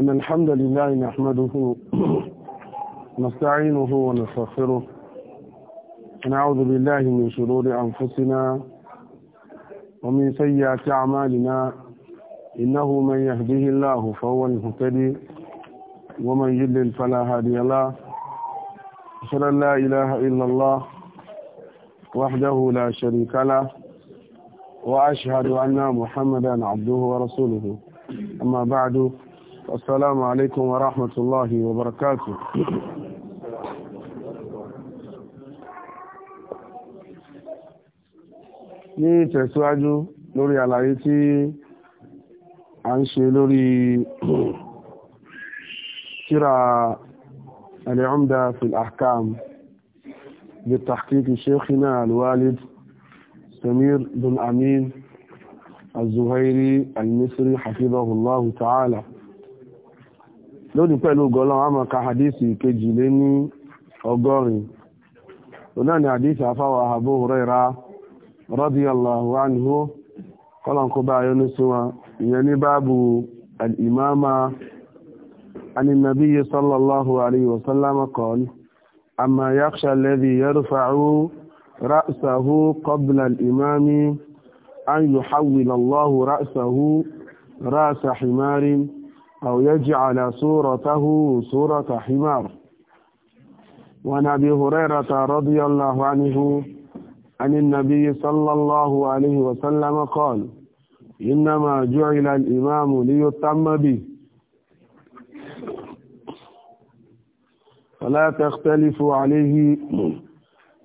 إن الحمد لله نحمده نستعينه ونستغفره نعوذ بالله من شرور أنفسنا ومن سيئات أعمالنا إنه من يهده الله فهو المهتدي ومن يضلل فلا هادي له أشهد أن لا إله إلا الله وحده لا شريك له وأشهد أن محمدا عبده ورسوله أما بعد السلام عليكم ورحمة الله وبركاته ní ìtẹ̀síwájú lórí àlàyé tí a ń ṣe lórí tíra al-Umda fi al-Ahkam bí tahqiq shaykhina al-Walid Samir bin Amin al-Zuhairi al-Misri hafidhahu Allah ta'ala lónìí pẹ̀lú gọ́lọ́n a máa ka hadisi kejì lé ní ọgọ́rin ọ̀nà ni hadisi afáwà Abu Huraira radiyallahu anhu kọ́lọ̀n kó bá yọnu sí wọn ìyẹn ní báàbù al-imama عن النبي صلى الله عليه وسلم قال أما يخشى الذي يرفع رأسه أو يجعل صورته صورة حمار وعن أبي هريرة رضي الله عنه عن النبي صلى الله عليه وسلم قال إنما جعل الإمام ليتم به فلا تختلفوا عليه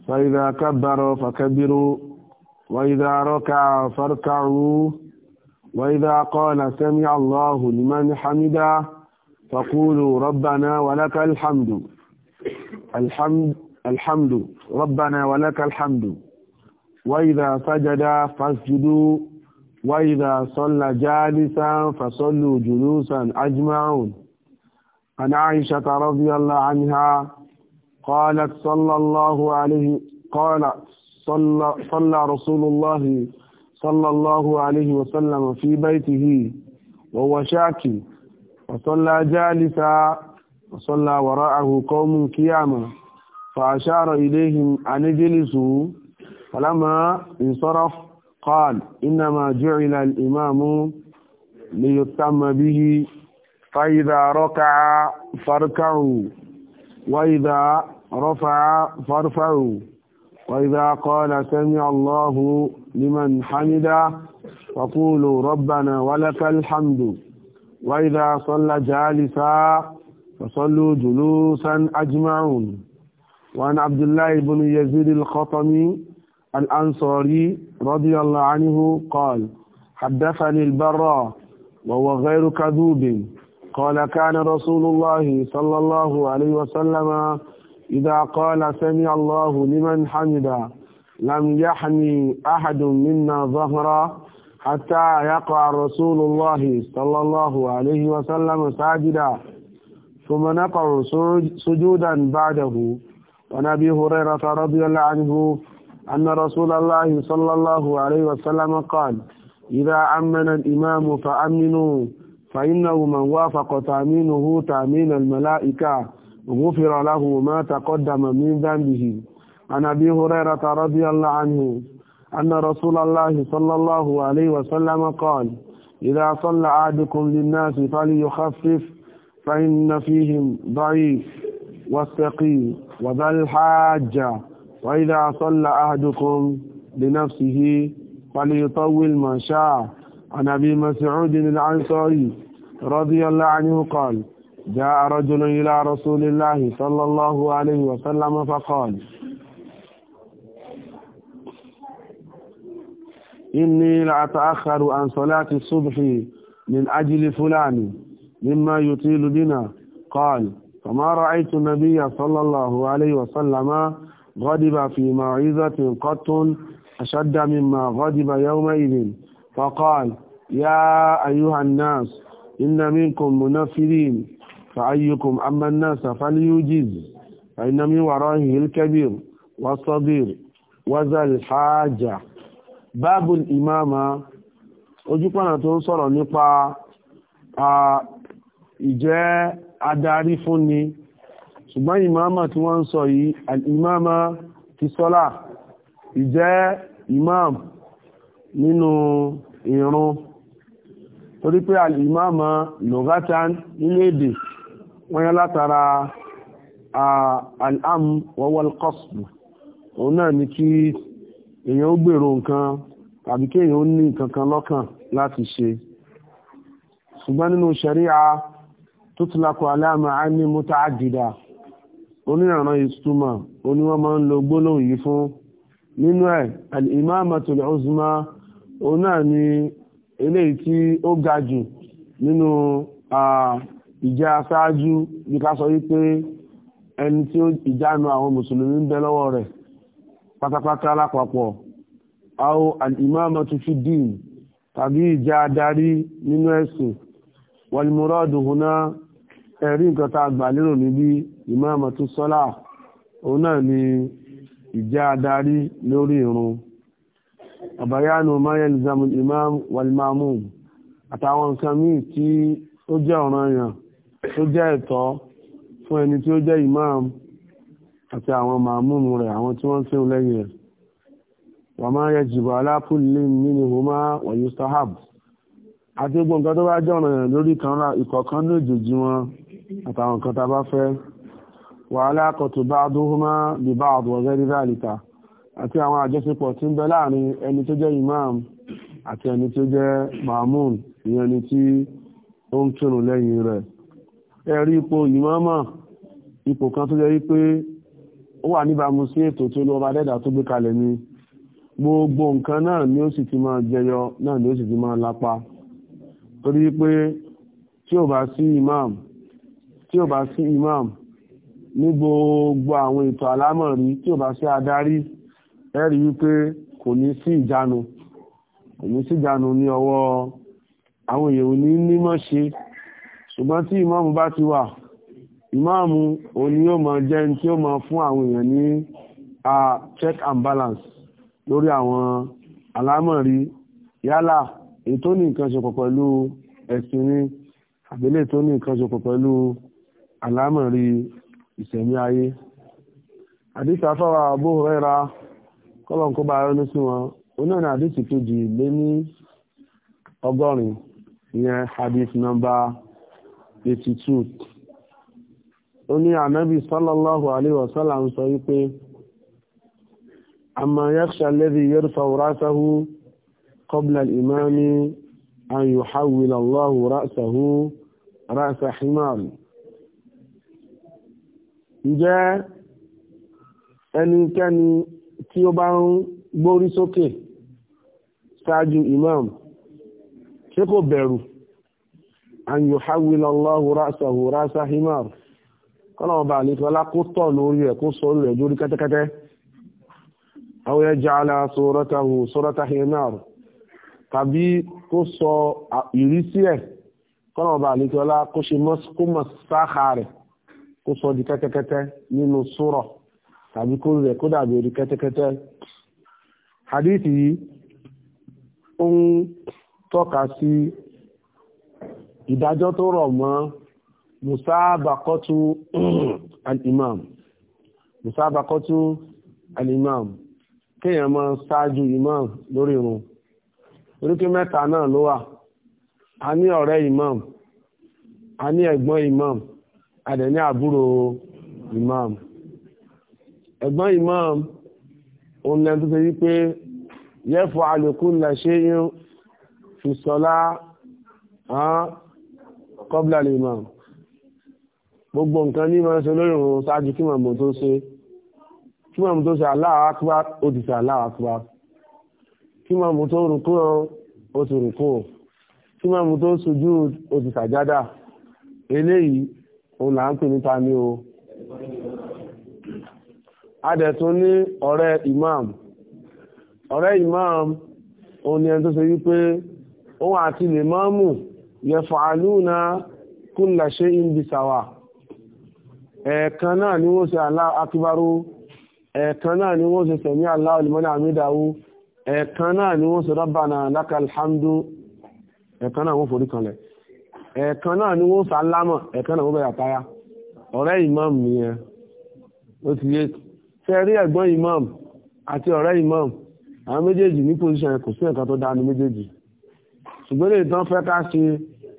فإذا كبروا فكبروا وإذا ركع فاركعوا وإذا قال سمع الله لمن حمدا فقولوا ربنا ولك الحمد الحمد الحمد ربنا ولك الحمد وإذا سجد فاسجدوا وإذا صلى جالسا فصلوا جلوسا أجمعون عن عائشة رضي الله عنها قالت صلى الله عليه قالت صلى, صلى رسول الله صلى الله عليه وسلم في بيته وهو شاكي وصلى جالسا وصلى وراءه قوم قياما فأشار إليهم أن اجلسوا فلما انصرف قال إنما جعل الإمام ليتم به فإذا ركع فاركعوا وإذا رفع فارفعوا وإذا قال سمع الله لمن حمده وقولوا ربنا ولك الحمد وإذا صلى جالسا فصلوا جلوسا أجمعون وأن عبد الله بن يزيد الخطمي الأنصاري رضي الله عنه قال حدثني البراء وهو غير كذوب قال كان رسول الله صلى الله عليه وسلم إذا قال سمع الله لمن حمده لم يحمي أحد منا ظهرا حتى يقع رسول الله صلى الله عليه وسلم ساجدا ثم نقع سجودا بعده ونبي هريرة رضي الله عنه أن رسول الله صلى الله عليه وسلم قال إذا أمن الإمام فأمنوا فإنه من وافق تامينه تأمين الملائكة غفر له ما تقدم من ذنبه عن أبي هريرة رضي الله عنه أن رسول الله صلى الله عليه وسلم قال إذا صلى عادكم للناس فليخفف فإن فيهم ضعيف والسقي وذا الحاجة وإذا صلى أحدكم لنفسه فليطول ما شاء عن أبي مسعود العنصري رضي الله عنه قال جاء رجل إلى رسول الله صلى الله عليه وسلم فقال إني لأتأخر عن صلاة الصبح من أجل فلان مما يطيل بنا قال فما رأيت النبي صلى الله عليه وسلم غضب في موعظة قط أشد مما غضب يومئذ فقال يا أيها الناس إن منكم منفرين فأيكم أما الناس فليجز فإن من ورائه الكبير والصغير وذا الحاجة báàbùl ìmáàmà ojúpọ̀nà tó ń sọ̀rọ̀ nípa ìjẹ́ adarí fúnni ṣùgbọ́n ìmáàmà tí wọ́n ń sọ yìí alìmáàmà ti sọ́lá ìjẹ́ imam nínú ìrun torí pé alìmáàmà lọ́gátán nílé èdè wọ́n yá látara al'am wọ́wọ́l kọ́sùn òun náà ni kí èèyàn ó gbèrò nǹkan tàbí kéèyàn ó ní nǹkan kan lọ́kàn láti ṣe ṣùgbọ́n nínú ṣẹ̀ríà tó ti lakọ aláàmà á ní múta àdìdà onírànà ìtumọ̀ oníwọ́n máa ń lo gbólóhùn yìí fún nínú ẹ̀ al-imamatul uzma òun náà ni eléyìí tí ó ga jù nínú ìjẹ́ aṣáájú bí ká sọ wípé ẹni tí ìjánu àwọn mùsùlùmí ń bẹ lọ́wọ́ rẹ̀ pátápátá lápapọ̀ àwọn al-imamatu fi din tàbí ìjà adarí nínú ẹ̀sìn wal-muradu huna ẹ̀rí nǹkan tá a gbà lérò níbi imamatu sọ́lá òun náà ni ìjà adarí lórí irun ọ̀bàyánu mayel zamul imam wal-ma'mum àtàwọn nǹkan míì tí ó jẹ́ ọ̀ranyàn tó jẹ́ ẹ̀tọ́ fún ẹni tí ó jẹ́ imam àti àwọn màmúmù rẹ̀ àwọn tí wọ́n ń fẹ́hùn lẹ́yìn rẹ̀ wà máa yẹ jìbọ̀ alápùlé nínú homa wọ̀nyí sahab àti gbogbo nǹkan tó bá jẹ́ ọ̀nà yẹn lórí ìkọ̀ọ̀kan ní òjòjì wọn àtàwọn nǹkan tá a bá fẹ́ wà alákọ̀tù bá dún homa bí bá àbọ̀ rẹ́rí ráàlìta àti àwọn àjọṣepọ̀ tí ń bẹ láàrin ẹni tó jẹ́ imam àti ẹni tó jẹ́ màmúmù ìyẹn ni tí ó ń kírun lẹ́yìn rẹ̀ ẹ̀rí ipò ìmọ̀ọ́mọ̀ ipò kan tó jẹ́ wípé ó wà níbàámu sí ètò tí olúwa dẹ́dà tó gbé kalẹ̀ ni gbogbo nǹkan náà ni ó sì ti máa jẹyọ náà ni ó sì ti máa lápa torí pé tí ò bá sí imam tí ò bá sí imam ní gbogbo àwọn ètò àlámọ̀rí tí ò bá sí adarí ẹ rí wípé kò ní sí ìjánu kò ní sí ìjánu ní ọwọ́ àwọn èèyàn ò ní nímọ̀ ṣe ṣùgbọ́n tí imam bá ti wà ìmáàmù òní yóò máa jẹ́ tí ó máa fún àwọn èèyàn ní a check and balance lórí àwọn alámọ̀rí yálà ètò ní nǹkan ṣepọ̀ pẹ̀lú ẹ̀sìn ní àbílẹ̀ tó ní nǹkan ṣepọ̀ pẹ̀lú alámọ̀rí ìṣẹ̀mí ayé àdìsí afáwà Abu Huraira kọ́lọ̀n kó bá yọnu sí wọn onáà ní àdìsí kejì lé ní ọgọ́rin ìyẹn hadith number eighty two ó ní ànábì sallallahu alaihi wasallam ń sọ wípé amma yakhsha alladhi yarfa'u ra'sahu qabla al-imam an yuhawwila Allahu ra'sahu ra'sa himar ǹjẹ́ ẹnikẹ́ni tí ó bá ń gbórí sókè ṣáájú imam ṣé kò bẹ̀rù an yuhawwila Allahu ra'sahu ra'sa himar kọ́lọ̀wọ̀n bá àlejò ọlá kó tọ̀ lórí ẹ̀ kó sọ orí rẹ̀ dórí kẹ́tẹ́kẹ́tẹ́ àwọn ẹja ala sọ́rọ́tàhù sọ́rọ́tàhìmáàrù tàbí kó sọ ìrísí ẹ̀ kọ́lọ̀wọ̀n bá àlejò ọlá kó ṣe mọ́ sáà rẹ̀ kó sọ di kẹ́tẹ́kẹ́tẹ́ nínú sùrọ̀ tàbí kó rẹ̀ musabaqatu al-imam musabaqatu al-imam kéèyàn máa ṣáájú imam lórí irun oríkì mẹ́ta náà ló wà a ní ọ̀rẹ́ imam a ní ẹ̀gbọ́n imam a dẹ̀ ní àbúrò imam ẹ̀gbọ́n imam òun lẹ́nu tó ṣe wípé yẹ́fọ́ kulla shay'in fi sọ́lá kọ́bílà imam gbogbo nǹkan ní máa ń ṣe lórí òun ṣáájú kí màmú tó ṣe kí màmú tó ṣe Allahu Akbar ó ti ṣe Allahu Akbar kí màmú tó rùkú ó ti rùkú kí màmú tó ṣojú ó ti eléyìí òun là ń pè níta ní o adẹ̀tún ní ọ̀rẹ́ imam ọ̀rẹ́ imam òun ni ẹni tó ṣe wípé òun àti lè máàmù yẹfàálù náà kulla shay'in bisawa ẹ̀ẹ̀kan náà ni wọ́n ṣe Allahu akíbárú ẹ̀ẹ̀kan náà ni wọ́n ṣe sẹ̀mí Allahu liman ẹ̀ẹ̀kan náà ni wọ́n ṣe rabbana lakal hamdu ẹ̀ẹ̀kan náà wọ́n forí kanlẹ̀ ẹ̀ẹ̀kan náà ni wọ́n sàlámọ̀ ẹ̀ẹ̀kan náà wọ́n bẹ̀rẹ̀ àtayá ọ̀rẹ́ imam nìyẹn ó ti yé ṣe rí ẹ̀gbọ́n imam àti ọ̀rẹ́ imam àwọn méjèèjì ní pòsíṣàn kò sí ẹ̀kan tó dáa ní méjèèjì ṣùgbọ́n lè tán fẹ́ ká ṣe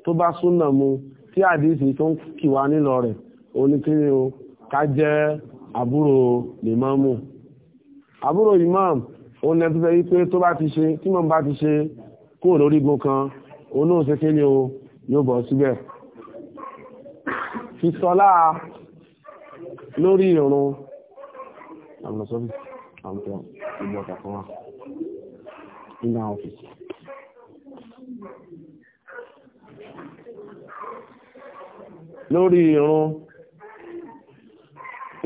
tó bá súnà mu tí àdìsí tó ń kì nílọ rẹ̀ oníkíní o ká jẹ́ àbúrò lèmọ́mù àbúrò imam o lẹ́nu tó fẹ́ yí pé tó bá ti ṣe tí mọ̀ bá ti ṣe kúrò lórí igun kan òun náà ṣe kíní o yóò bọ̀ síbẹ̀ fi sọlá lórí ìrun àmọ̀ sọ́bí àmọ̀ ìgbọ̀ kàkan wà lórí ìrun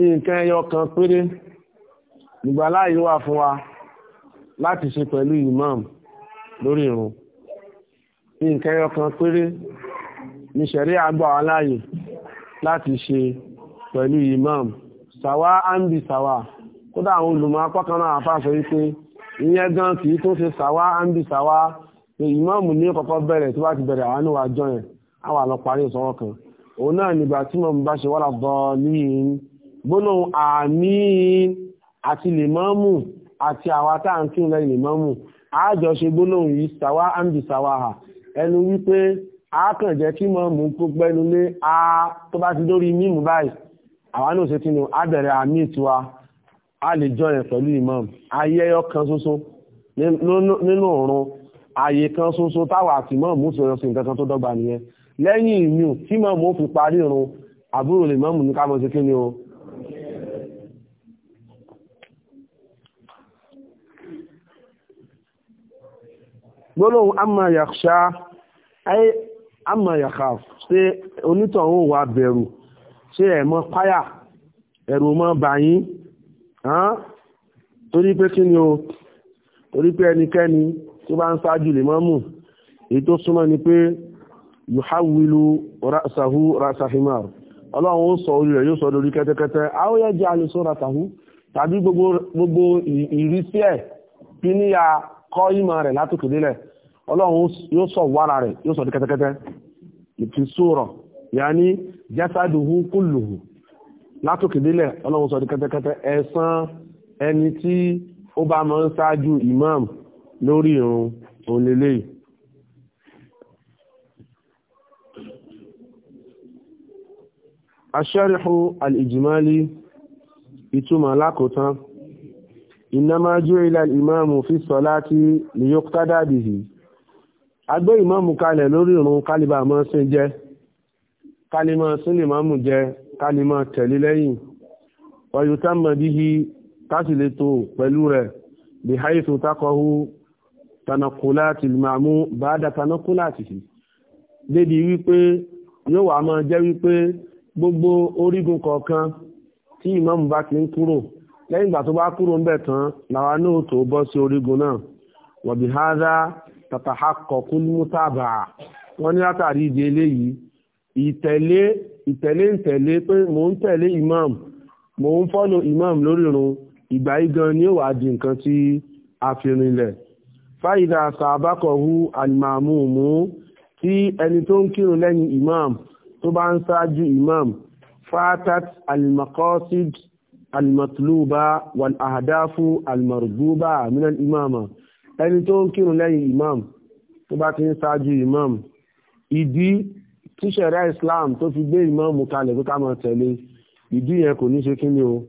nǹkan ẹyọ kan péré ìgbàláyé wà fún wa láti ṣe pẹ̀lú imam lórí irun nǹkan ẹyọ kan péré ní ṣẹ̀rí àgbà wa láàyè láti ṣe pẹ̀lú imam sàwá áńbì sàwá kódà àwọn olùmọ̀ apákanáà àfáàsọ wípé ìyẹn gan kì í tó ṣe sàwá áńbì sàwá pé imam ní kọ́kọ́ bẹ̀rẹ̀ tó bá ti bẹ̀rẹ̀ àánú wa jọyàn àwọn àlọ́ parí ìsọwọ́ kan òun náà nígbà tí mo bá ṣe wọ́n lọ bọ́ níyìn gbólóhùn àmín àti lèmọ́mù àti àwa tá à ń kí lẹ́yìn lèmọ́mù àjọ ṣe gbólóhùn yìí sàwá àǹdì sàwá hà ẹnu wípé a kàn jẹ́ kí mọ̀mù kó lé a tó bá ti dórí mímú báyìí àwa náà ṣe tinú a bẹ̀rẹ̀ àmín tiwa a lè jọ yẹn pẹ̀lú ìmọ̀mù ayẹyọ kan ṣoṣo nínú òrun ààyè kan ṣoṣo táwa àti mọ̀mù sọ̀rọ̀ sí nǹkan kan tó dọ́gba nìyẹn lẹ́yìn ìmú tí mọ̀mù ó fi parí irun àbúrò lè mọ̀mù ní ká mọ̀ ṣe kí ni o gbólóhùn amma yakhsha ayé amma yakhaf ṣé onítọ̀hún wà bẹ̀rù ṣé ẹ̀mọ́ páyà ẹ̀rù mọ́ bàyín torí pé kí ni o torí pé ẹnikẹ́ni tó bá ń ṣáájú lè mọ́mù èyí tó súnmọ́ ni pé yuhawilu rasahu rasahimar ọlọ́run ó sọ orí rẹ̀ yóò sọ lórí kẹ́tẹ́kẹ́tẹ́ àwòyẹ jẹ́ àlùsọ rasahu tàbí gbogbo ìrísí ẹ̀ kí níyà kọ́ ìmọ̀ rẹ̀ látòkèdélẹ̀ ọlọ́run yóò sọ wára rẹ̀ yóò sọ di kẹ́tẹ́kẹ́tẹ́ ìfi sóòrọ̀ yàní jásádùhù kùlùhù látòkè délẹ̀ ọlọ́run sọ di kẹ́tẹ́kẹ́tẹ́ ẹ̀san ẹni tí ó bá máa ń ṣáájú imam lórí irun òlélẹ́yìí aṣẹ́rìhù al'ijimali ìtumọ̀ lákòótán ìnámájú ilẹ̀ ìmáàmù fi sọ láti lè yóò tádàbìhì agbé ìmáàmù kalẹ̀ lórí ìrun kálíbà máa sin jẹ́ kálímọ̀ sílìmáàmù jẹ́ kálímọ̀ tẹ̀lé lẹ́yìn ọ̀yùtá mọ̀díhì kásìlẹ̀ tó pẹ̀lú rẹ̀ bí haifu takọ̀hu tanakulati ìmáàmù bàdà tanakulati débi wípé yóò wá máa jẹ́ wípé gbogbo orígun kọ̀ọ̀kan tí ìmáàmù bá ti ń kúrò lẹ́yìn ìgbà tó bá kúrò ń bẹ̀ tán làwa náà tó bọ́ sí orígun náà wọ̀bí tàtàhákọ̀kún mútàbà wọ́n ní látàrí ìdí eléyìí ìtẹ̀lé ìtẹ̀lé ìtẹ̀lé pé mò ń tẹ̀lé imam mò ń fọ́lò imam lórí irun ìgbà yìí gan ni ó wàá di nǹkan tí a fi rinlẹ̀ fáyidà sàbákọ̀hu àlìmàmùmù tí ẹni tó ń kírun lẹ́yìn imam tó bá ń ṣáájú imam fatat alimakosid alimatuluba wal ahadafu alimaruguba aminal imama ẹni tó ń kírun lẹ́yìn imam tó bá ti ń ṣáájú imam ìdí tíṣẹ̀rẹ́ islam tó fi gbé imam kalẹ̀ pé ká máa tẹ̀lé ìdí yẹn kò ní ṣe kí ni o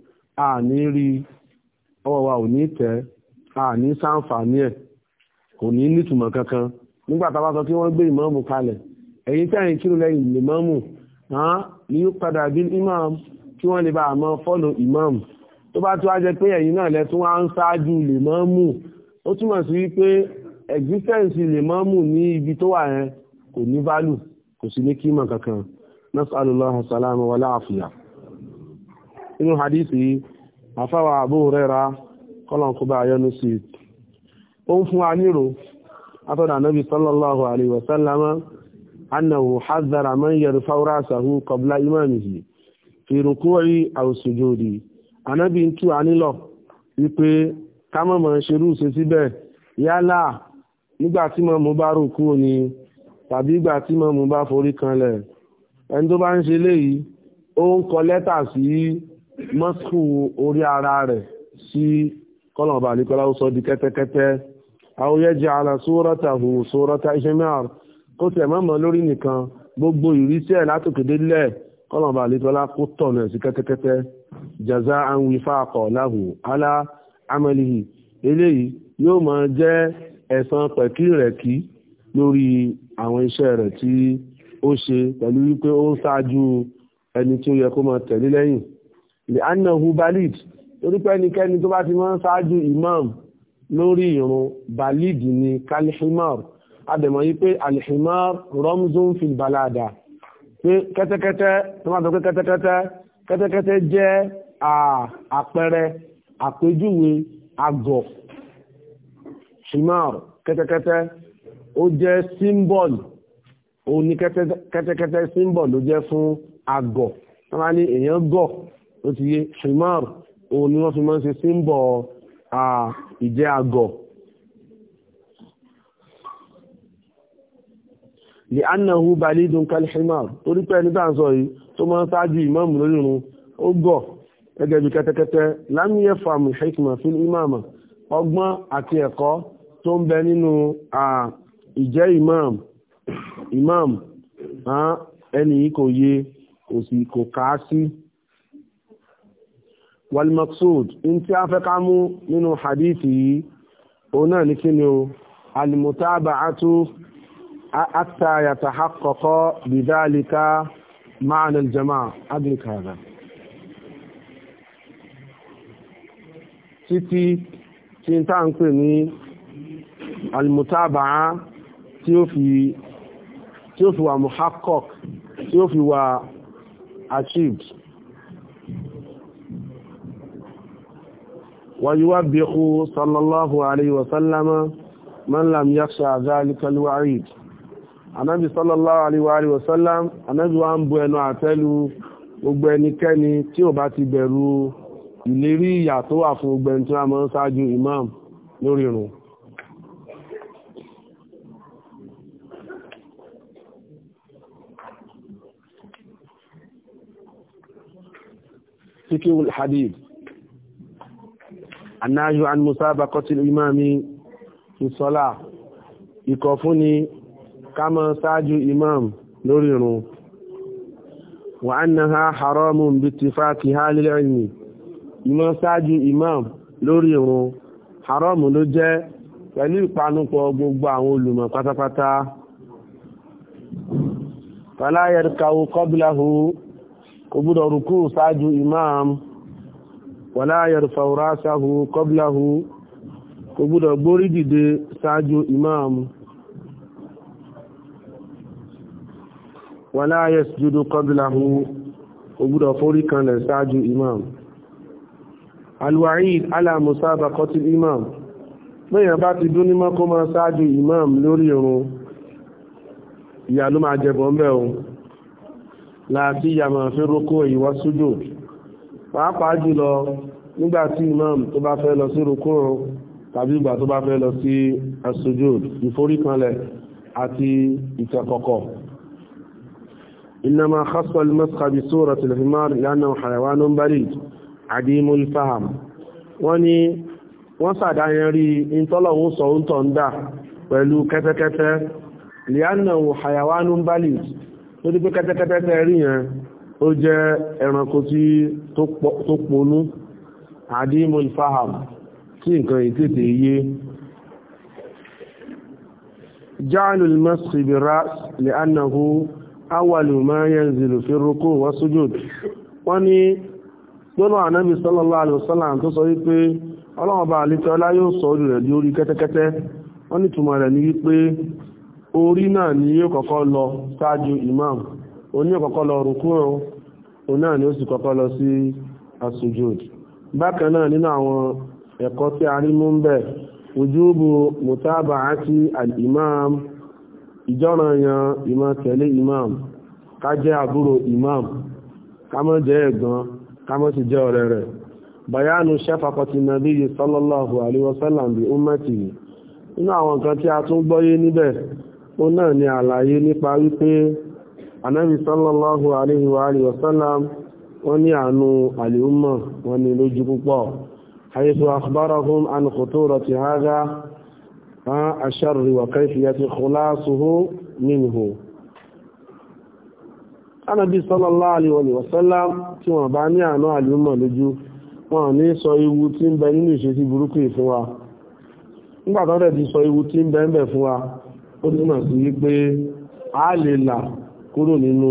a ní rí ọwọ́ wa ò ní tẹ̀ a ní sáǹfààní ẹ̀ kò ní nítumọ̀ kankan nígbà tá a bá sọ kí wọ́n gbé imam kalẹ̀ ẹ̀yin tẹ́yìn kírun lẹ́yìn imam hàn ní padà bí imam kí wọ́n lè bá àmọ́ fọ́lọ̀ imam tó bá tún wá jẹ pé ẹ̀yin náà lẹ́tún wá ń ṣáájú lè ó túmọ̀ sí wípé existence lè máa mú ní ibi tó wà yẹn kò ní value kò sí ní kímọ̀ kankan nasalullahu salama wa láàfíà inú hadisi àfáwà Abu Huraira kọ́lọ̀kúbà ayọ́nu sí ó ń fún anírò atọ́dà nabi sallallahu alaihi wasallama annahu hazzara man yarfa'u ra'sahu qabla imamihi fi ruku'i aw sujudi anábi ń tú wípé ká mọ̀ mọ̀ ṣerú ṣe síbẹ̀ yálà nígbà tí mo mú bá rùkú ni tàbí ìgbà tí mo mú bá forí kanlẹ̀ ẹni tó bá ń ṣe léyìí ó ń kọ lẹ́tà sí mọ́sùkù orí ara rẹ̀ sí kọ́lọ̀ọ̀bà àlíkọ́lá ó sọ di kẹ́tẹ́kẹ́tẹ́ àwòyẹ́jẹ́ ara sórọ́tà hù sórọ́tà iṣẹ́ mẹ́rin kó tẹ̀ mọ́mọ́ lórí nìkan gbogbo ìrísí ẹ̀ látòkèdè lẹ̀ kọ́lọ̀ọ̀bà àlíkọ́lá kó tọ̀nà sí kẹ́tẹ́kẹ́tẹ́ jaza an wifaqa lahu ala amẹ́lìhì eléyìí yóò máa jẹ́ ẹ̀san pẹ̀kírẹ̀kí lórí àwọn iṣẹ́ rẹ̀ tí ó ṣe pẹ̀lú wípé ó ń ṣáájú ẹni tí ó yẹ kó máa tẹ̀lé lẹ́yìn lè anahu balid torí pé tó bá ti máa ń ṣáájú imam lórí ìrun balid ni kalihimar adẹ̀mọ̀ yìí pé alihimar romzon fil balada pé kẹ́tẹ́kẹ́tẹ́ tó máa sọ pé kẹ́tẹ́kẹ́tẹ́ kẹ́tẹ́kẹ́tẹ́ jẹ́ àpẹẹrẹ àpéjúwe àgọ̀ shimar kẹ́tẹ́kẹ́tẹ́ ó jẹ́ symbol ó ní kẹ́tẹ́kẹ́tẹ́ symbol ló jẹ́ fún àgọ̀ wọ́n máa ní èèyàn gọ̀ ó ti yé shimar ó ní wọ́n fi máa ń ṣe symbol ìjẹ́ àgọ̀. lè ánàhù balidun kalhimar torí pé ẹni sọ yìí tó máa ń ṣáájú ìmáàmù lórí ó gọ̀ gẹ́gẹ́ bí kẹ́tẹ́kẹ́tẹ́ lámìyẹ fàmù hikma fún imama ọgbọ́n àti ẹ̀kọ́ tó ń bẹ nínú ìjẹ́ imam imam ẹni yìí kò yé kò sì kò kà á sí. wal maqsud in tí a fẹ́ ká mú nínú hadithi yìí òun náà ní kí ni o al-mutaba'atu hatta yatahaqqaqa bidhalika ma'na al-jama'a adrika títí tí n táà ń pè ní almutabaa tí ó fi wà muhakkok tí ó fi wà achieved ويوبخ صلى sallallahu alayhi وسلم من لم يخشى ذلك الوعيد Ànábì sallallahu alaihi wa alihi wa sallam Ànábì wá ń bu ẹnu àtẹ́lu gbogbo ẹnikẹ́ni tí ò bá ti bẹ̀rù ìlérí ìyà tó wà fún ogbẹ̀n tí a máa ń imam lórí ìrun فكه الحديث النهي عن مسابقة الإمام في الصلاة ìkọ̀ fúnni ká máa ṣáájú imam lórí ìrun وأنها حرام باتفاق أهل العلم ìmọ̀ ṣáájú imam lórí irun haram ló jẹ́ pẹ̀lú ìpanupọ̀ gbogbo àwọn olùmọ̀ pátápátá fàláyẹ̀rìkàwò kọ́bíláhù kò gbúdọ̀ rùkú ṣáájú imam wàláyẹ̀rìfàwò ráṣáhù kọ́bíláhù kò gbúdọ̀ gbórí dìde ṣáájú imam wàláyẹ̀sùjúdù kọ́bíláhù kò gbúdọ̀ forí kanlẹ̀ ṣáájú imam alwa'id ala musabaqati imam lẹ́yìn bá ti dún ní mọ́kó máa ṣáájú imam lórí irun ìyà ló máa jẹ̀bọ̀ ń bẹ̀ ohun láti yàmà fi rókó ìwọ́ sújò pàápàá jùlọ nígbàtí imam tó bá fẹ́ lọ sí rókó tàbí ìgbà tó bá fẹ́ lọ sí asújò ìforíkanlẹ̀ àti ìtẹ̀kọ̀kọ̀ innama khassa al-masqa bi surati al-himar li'annahu hayawanun àdìmúl fáàm wọ́n ní wọ́n sàdáyẹrí ìntọ́lọ̀hún sọ ń tọ́ ń dà pẹ̀lú kẹ́tẹ́kẹ́tẹ́ lianahu hayawanun balid tó dípé kẹ́tẹ́kẹ́tẹ́ tẹ́ rí yẹn ó jẹ́ ẹranko tí tó ponú àdìmúl fáàm tí nǹkan ìtètè yé ja'alul masqi bi ra's lianahu awwalu ma yanzilu wọ́n ní lọ́nà ànábì sallallahu alaihi wasallam tó sọ wípé ọlọ́ọ̀bá àlítẹ́ ọlá yóò sọ orí rẹ̀ di orí kẹ́tẹ́kẹ́tẹ́ wọ́n ni túnmọ̀ rẹ̀ ní wípé orí náà ni yóò kọ́kọ́ lọ ṣáájú imam oní kọkọ lọ rùkúrùn òun náà ni ó sì kọ́kọ́ lọ sí asujud bákan náà nínú mutaba imam kámọ́ sì jẹ́ ọ̀rẹ́ rẹ̀ bayanu shafaqati nabiyyi sallallahu alaihi wasallam bi ummatihi inú àwọn nǹkan tí a tún gbọ́yé níbẹ̀ ó náà ni àlàyé nípa wípé anábi sallallahu alaihi wa alihi wasallam wọ́n ní àánú àlèúmọ̀ wọ́n ní lójú púpọ̀ haythu ánàbí sallallahu alaihi wa sallam tí wọ́n bá ní àná àlùmọ̀ lójú wọn ní sọ ewu tí ń bẹ nínú ìṣesí burúkú yìí fún wa nígbà tó rẹ̀ ti sọ ewu tí ń bẹ ń bẹ fún wa ó túmọ̀ sí wípé a lè là kúrò nínú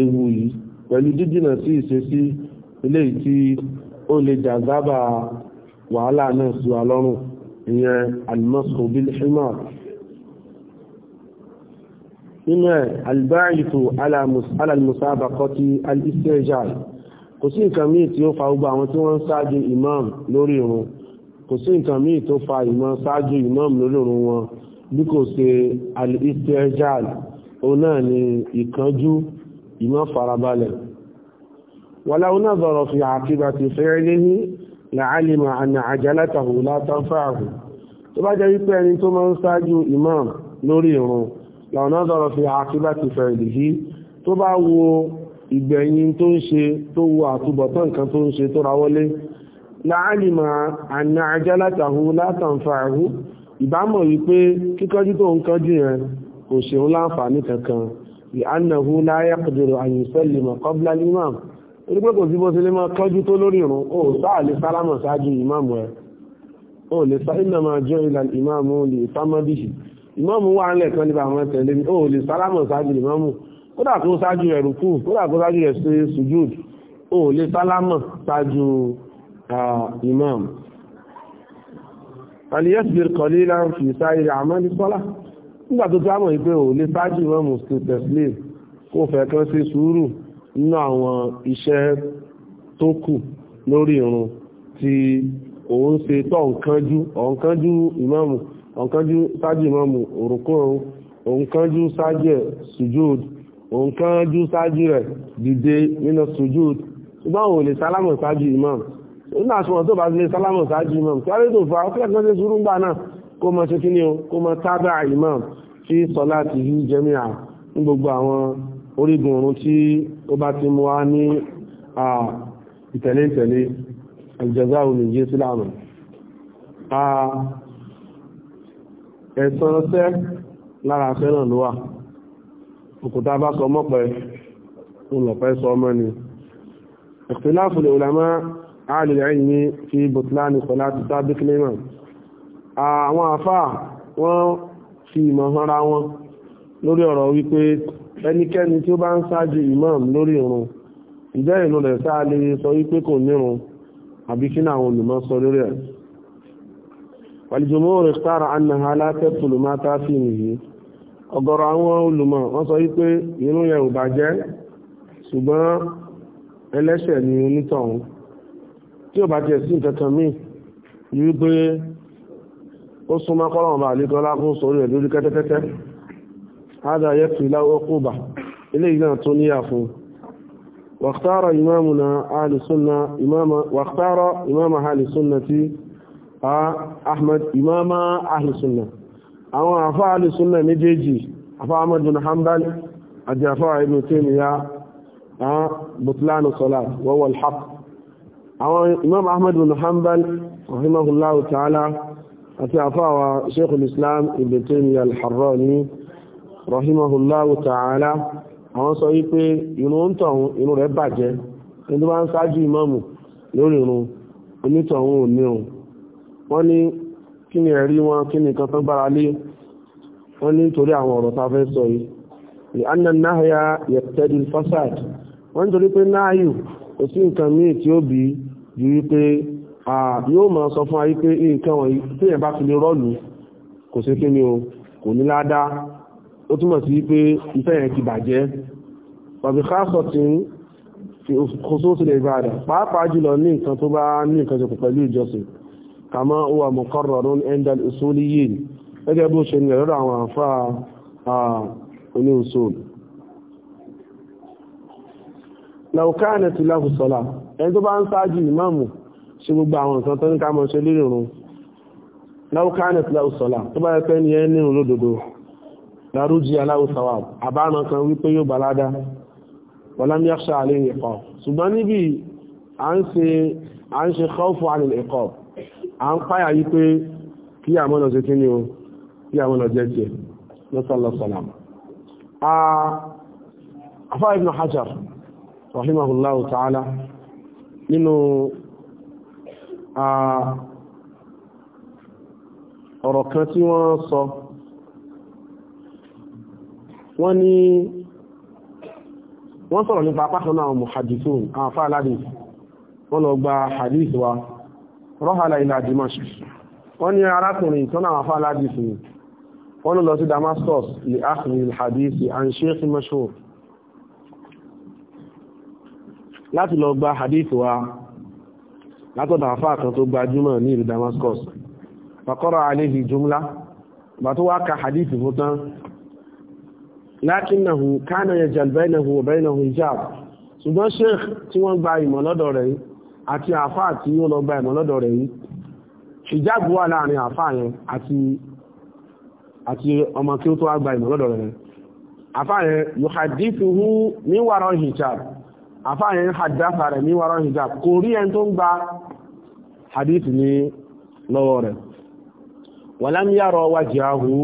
ewu yìí pẹ̀lú jíjìnà sí ìṣesí eléyìí tí ó lè jàzábà wàhálà náà sí wa lọ́rùn ìyẹn alimọ́sùn bíi nínú ẹ̀ albáyìtò alàmùsábàkọ́tí al-istijal kò sí nǹkan míì tí ó fa gbogbo àwọn tí wọ́n ń ṣáájú imam lórí irun kò sí nǹkan míì tó fa ìmọ̀ ṣáájú imam lórí irun wọn bí kò ṣe al-istijal ó náà ni ìkánjú ìmọ̀ farabalẹ̀ walau nazara fi lórí irun lọ́nà ọ̀dọ̀rọ̀ fi àkíbá ti fẹ̀rẹ̀ dìbí tó bá wo ìgbẹ̀yìn tó ń ṣe tó wo àtúbọ̀tán nǹkan tó ń ṣe tó ra wọlé láàrínmà àna ajálátàhù látàǹfààrù ìbámọ̀ wípé kíkọ́jú tó ń kọ́jú yẹn kò ṣeun láǹfààní kankan ìhánàhù láyàkùdùrù àyùnsẹ́lìmọ̀ kọ́blá imam orí pé kò sí bó sílé máa kọ́jú tó lórí ìrun ó ìmọ́mù wà ńlẹ̀ kan nípa àwọn tẹ̀lé mi ó lè sálámọ̀ ṣáájú ìmọ́mù kódà kó ṣáájú rẹ̀ rúkú kódà kó ṣáájú rẹ̀ ṣe sùjúd ó lè sálámọ̀ ṣáájú ìmọ́mù. àlìyẹ́sìlẹ̀ kọ̀lé náà fi sáyé àmọ́ ní sọ́lá nígbà tó tó àmọ̀ pé ó lè ṣáájú ìmọ́mù tẹ̀sílẹ̀ kó fẹ́ kan ṣe sùúrù nínú àwọn iṣẹ́ tó kù lórí irun tí òun ṣe tó nǹkanjú ọ̀nkanjú ìmọ́mù ọ̀kánjú ṣáájú ìmọ̀mù òrùkú òun òǹkánjú ṣáájú ẹ̀ sùjúd òǹkánjú ṣáájú rẹ̀ dìde nínú sùjúd ṣùgbọ́n òun lè sálámù ṣáájú ìmọ̀mù nínú àṣùwọ̀n tó bá lè sálámù ṣáájú ìmọ̀mù kí wọ́n lè tó fa ọkẹ́ kan ṣe sùúrù ńgbà náà kó mọ ṣe kí ni o kó mọ tábà ìmọ̀mù fi sọlá ti yí jẹ́mi à ní gbogbo àwọn orígun ọ̀run tí ó bá ti mú wa ní ìtẹ̀lé ìtẹ̀lé ìjọba òun ìjẹ́sílámù ẹ̀sán tẹ́ lára fẹ́ràn ló wà òkúta bá sọ mọ́pẹ́ olùpẹ́ sọ mọ́ ni ìfìláfù lè ulama alìlẹ́yìn ní fi bùtlánì sọ láti sábí kílímà àwọn àfáà wọ́n fi ìmọ̀ hanra wọn lórí ọ̀rọ̀ wípé imam lórí irun náà àwọn sọ lórí ẹ̀ wàlìjùmọ́ ikhtara annaha la tabtulu ma ta'simihi ọ̀gọ̀rọ̀ àwọn olùmọ̀ wọ́n sọ wípé irun yẹn ò bàjẹ́ ṣùgbọ́n ẹlẹ́ṣẹ̀ ni onítọ̀hún tí ò bá tiẹ̀ sí nǹkan kan míì ni wípé ó súnmọ́ kọ́lọ́mọba àlékan lákún sórí ẹ̀ lórí kẹ́tẹ́kẹ́tẹ́ هذا يكفي له عقوبة إلينا تنيا فون واختار إمامنا أهل السنة إمام واختار إمام أهل السنة ahmad imama ahlusunna àwọn àfá ahlusunna méjèèjì àfá ahmad bin hanbal àti àfá ibn taymiya butlanu salat wa huwa al-haq àwọn imam ahmad bin hanbal rahimahullahu ta'ala àti àfá wa sheikh al-islam ibn taymiya al-harrani rahimahullahu ta'ala àwọn sọ wípé irun ń tọ̀hún irun rẹ̀ bàjẹ́ ẹni tó bá ń ṣáájú ìmáàmù lórí irun onítọ̀hún wọ́n ní kí ni ẹ̀rí wọn kí ni nǹkan tó gbára lé wọ́n ní torí àwọn ọ̀rọ̀ tá a fẹ́ sọ yìí ìhánà náhàyà yẹ̀tẹ́dì fasad wọ́n ń torí pé náàyù kò sí nǹkan míì tí ó bí ju wípé yóò máa sọ fún ayé pé nǹkan wọ̀nyí téèyàn bá fi lè rọ́ọ̀lù kò sí kí ni o kò ní ládàá ó túmọ̀ sí pé ìfẹ́ yẹn ti bàjẹ́ tàbí káàsọ̀ tí kò sóòtú lè gbàdà pàápàá jùlọ ní nǹkan tó bá ní nǹkan ṣe pẹ̀lú ìjọsìn kàmá huwa muqarrarun inda al-usuliyyin gẹ́gẹ́ bó ṣe ní ẹ̀rọ àwọn àfáà oní usul law kanat lahu salat ẹni tó bá ń ṣáájú ìmáàmù ṣe gbogbo àwọn nǹkan tó ní ká mọ̀ ṣe lérò run law kanat lahu salat tó bá yẹ pé ní ẹni nínú lódodo lárújì aláwùsáwà àbáràn kan wípé yóò à ń ṣe khawfu 'ala al-iqab à ń páyà yí pé kí àmọ́nà ṣe kí ni o kí àmọ́nà jẹ́ jẹ́ lọ́sọ̀lọ́sọ̀lá afá ibn hajar rahimahullahu ta'ala nínú ọ̀rọ̀ kan tí wọ́n sọ wọ́n ní wọ́n sọ̀rọ̀ nípa apákanáà muhadithun àwọn afá aládìí wọ́n lọ gba hadith wa rọ́hàlà ilẹ̀ àdìmọ́ṣù wọ́n ní arákùnrin tó náà fà aládìsì ni wọ́n lọ sí damascus lè ákùnrin ìhàdìsì and sheikh mashur láti lọ gba hadith wa látọ̀dọ̀ àfáà kan tó gbajúmọ̀ ní ìlú damascus fàkọ́rọ̀ aléhì jùmlá bá tó wá ka hadith fún tán lákínnahu kánà yẹ jàlbẹ́nahu ọ̀bẹ́nahu hijab ṣùgbọ́n sheikh tí wọ́n gba ìmọ̀ lọ́dọ̀ rẹ̀ yìí àti àfáà tí ó lọ gba ẹ̀mọ̀ lọ́dọ̀ rẹ̀ yìí ṣìjáàbù wà láàrin àfáà yẹn àti ọmọ kí ó tó wá gba ẹ̀mọ̀ lọ́dọ̀ rẹ̀ àfáà yẹn yuhadithuhu min wara hijab àfáà yẹn haddatha rẹ̀ min wara hijab kò rí ẹni tó ń gba hadith ní lọ́wọ́ rẹ̀ walam yara wajhahu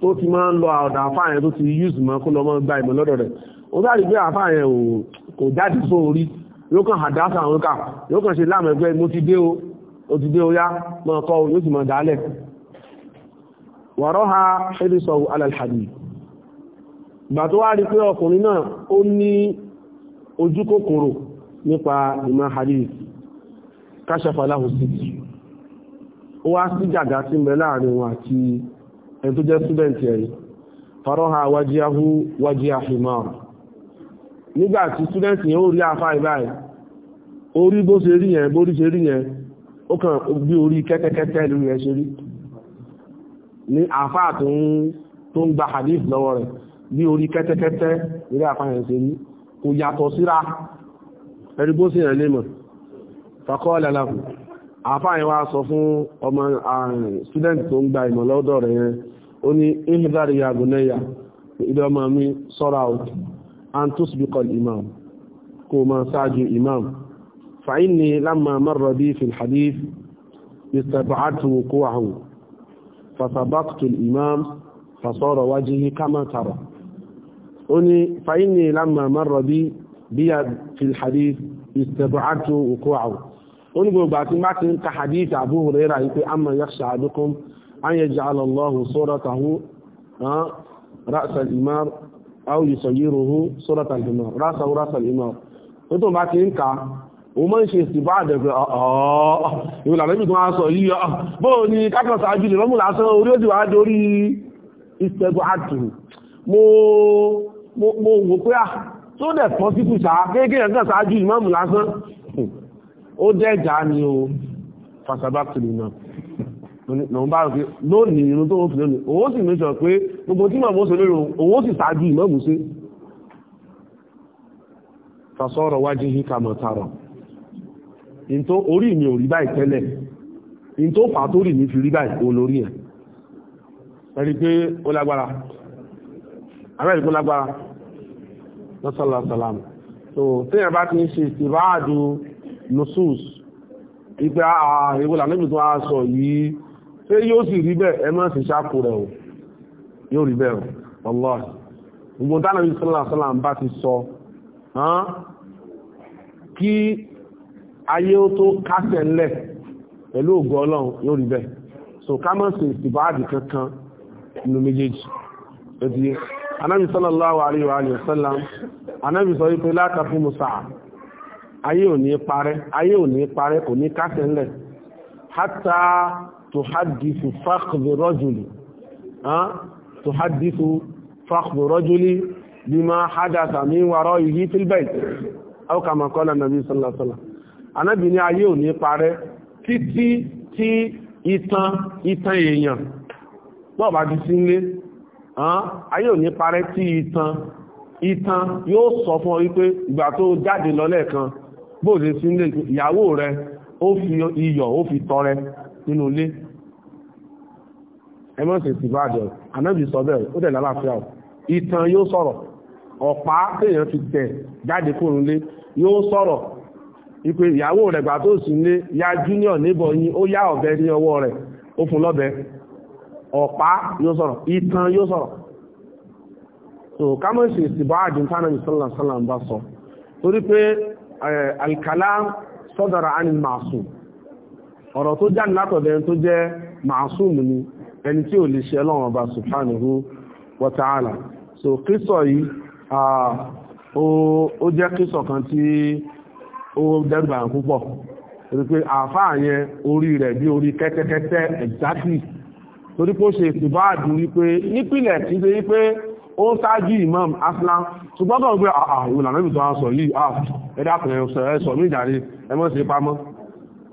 tó ti máa ń lọ ọ̀dà àfáàyàn tó ti use mọ́ kó lọ mọ́ gba ìmọ̀ lọ́dọ̀ rẹ̀ o sáà rí pé àfáàyàn kò jáde fún orí yóò kàn àdásà àwọn kà yóò kàn ṣe láàmú mo ti dé o ó ti dé o yá mọ́ ọkọ yóò sì mọ̀ dálẹ̀ wàrọ́ ha ṣẹ́bí sọ alàlhàdì ìgbà tó wá rí pé ọkùnrin náà ó ní ojú kòkòrò nípa ìmọ̀ hadith ẹni tó jẹ́ student ẹ̀yìn farọ́ha wájíáhú wájíáhìmọ́ nígbà tí student yẹn ó rí afá ìbáyìí orí bó ṣe rí yẹn bórí ṣe rí yẹn ó kàn bí orí kẹ́tẹ́kẹ́tẹ́ lórí ẹ̀ ṣe rí ní afá tó ń gba hadith lọ́wọ́ rẹ̀ bí orí kẹ́tẹ́kẹ́tẹ́ lórí afá yẹn ṣe rí kò yàtọ̀ síra ẹ̀rí bó ṣe yẹn lè mọ̀ fakọ́ lẹ́lẹ́kùn afá yẹn wá sọ fún ọmọ student tó ń gba ìmọ̀ rẹ̀ yẹn ó ní ihdar ya bunayya ìdọ́mà mi sọ́ra ò an tusbiqa al-imam kó máa ṣáájú imam fa inni lamma marra bi fi al-hadith istab'atu wuqu'ahu fa sabaqtu al-imam fa sara wajhi kama tara ó ní fa inni lamma marra bi biya fi hadith istab'atu wuqu'ahu ó ní gbogbo àti má ń ka hadith Abu Hurairah pé amma yakhsha ahadukum an yaj'ala Allahu suratahu ra'sa al-himar aw yusayyiruhu surata al-himar ra'sa ra'sa al-himar ó tó bá ti ń ka o mọ́ ń ṣe ìsìnbá àdẹ̀gbẹ̀ ọ̀ọ̀ ìwòlà lẹ́bí tó máa sọ yìí ọ̀ bóò ni kákọ̀ọ́sà ajílẹ̀ lọ́mù lásán orí ó sì wá dorí ìṣẹ́gun àtùrù mo wò pé à tó dẹ̀ pọ́ sí kùsà kéèkéè ẹ̀gbẹ̀ sáájú ìmọ̀mù lásán ó dẹ̀ jà ní o fàṣàbátìrì náà lòun bá lónìí irun tó ń fi lónìí òun sì mẹ́sàn pé gbogbo tí màmú ṣe lórí òun sì ṣáájú ìmọ̀mù sí fasọ́rọ̀ wájú yí kàmọ̀ tarọ̀ orí mi ò rí báyìí tẹ́lẹ̀ ìntó fà tó rí mi fi rí báyìí olórí ẹ̀ ẹ̀rí pé ó lágbára yìí ṣé yóò sì rí bẹ́ẹ̀ ẹ má sì ṣáàkù rẹ̀ o yóò rí bẹ́ẹ̀ o Allah gbogbo tánà bí sọ́là sọ́là ń bá ti sọ kí ayé ó tó kásẹ̀ ńlẹ̀ pẹ̀lú ògùn ọlọ́run yóò rí bẹ́ẹ̀ so ká má sì ìbáàdì kankan nínú méjèèjì ẹ̀dí anábì sallallahu alayhi wa sallam anábì sọ wípé látàfún musa ayé ò ní parẹ́ ayé ò ní parẹ́ tuhaddisu fakhdu rajuli tuhaddisu fakhdu rajuli bima hadatha min waraihi fil bayt aw kama qala nàbí sallallahu alaihi wasallam anábì ní ayé ò ní parẹ́ títí tí ìtàn ìtàn èèyàn bọ́ọ̀ bá ti sílé ayé ò ní parẹ́ tí ìtàn ìtàn yóò sọ fún ọ wípé ìgbà tó jáde lọ lẹ́ẹ̀kan bóòdé sílé ìyàwó rẹ ó fi iyọ̀ ó fi tọrẹ nínú ilé ẹmọ́sìn sì bá àjọ ànábì sọ bẹ́ẹ̀ ó dẹ̀ lálàáfíà o ìtàn yóò sọ̀rọ̀ ọ̀pá téèyàn ti tẹ̀ jáde kúrò nílé yóò sọ̀rọ̀ ìpè ìyàwó rẹ̀ gbà tó sì nílé ya junior níbọ̀ yín ó yá ọ̀bẹ ní ọwọ́ rẹ̀ ó fún lọ́bẹ ọ̀pá yóò sọ̀rọ̀ ìtàn yóò sọ̀rọ̀ so kámọ́sì sì bá àjọ tánàbì sọ́lá sọ́lá ń bá sọ torí pé eh, alkalam sọ́dọ̀rọ̀ anil ma'sum ọ̀rọ̀ tó jáde látọ̀dọ̀ ẹni tó jẹ́ màásùmù ni ẹni tí ò lè ṣe ọlọ́run ọba subhanahu wa ta'ala so kíso yìí ó jẹ́ kíso kan tí ó dẹ́gbà púpọ̀ torí pé àáfàá yẹn orí rẹ̀ bí orí kẹ́tẹ́kẹ́tẹ́ exactly torí pé ó ṣe ìtìbáàdù wípé nípìnlẹ̀ kì í ṣe wípé ó ń ṣáájú imam aslam ṣùgbọ́n tó ń gbé àwọn ìlànà ìbùtọ́ sọ yìí ẹ̀dá kan ẹ̀ sọ mí ìjàre ẹ mọ́ sí pamọ́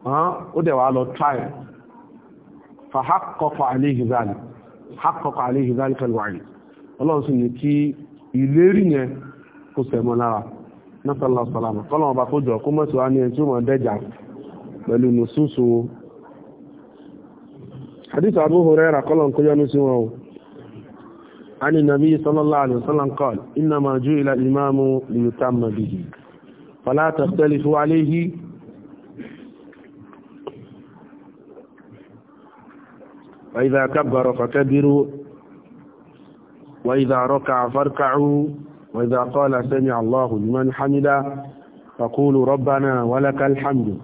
ó dẹ̀ wá lọ trial fa hakọ̀kọ̀ aléhìzáàlì hakọ̀kọ̀ aléhìzáàlì pẹ̀lú àyè ọlọ́run sì ní kí ìlérí yẹn kó sẹ̀mọ́ lára násàlá sàlámà kọ́lọ́wọ́n bá kójọ kó mọ̀ sí wá ní ẹni tí ó mọ̀ dẹ́jà عن النبي صلى الله عليه وسلم قال إنما جعل الإمام ليتم به فلا تختلفوا عليه وإذا كبر فكبروا وإذا ركع فاركعوا وإذا قال سمع الله لمن حمده فقولوا ربنا ولك الحمد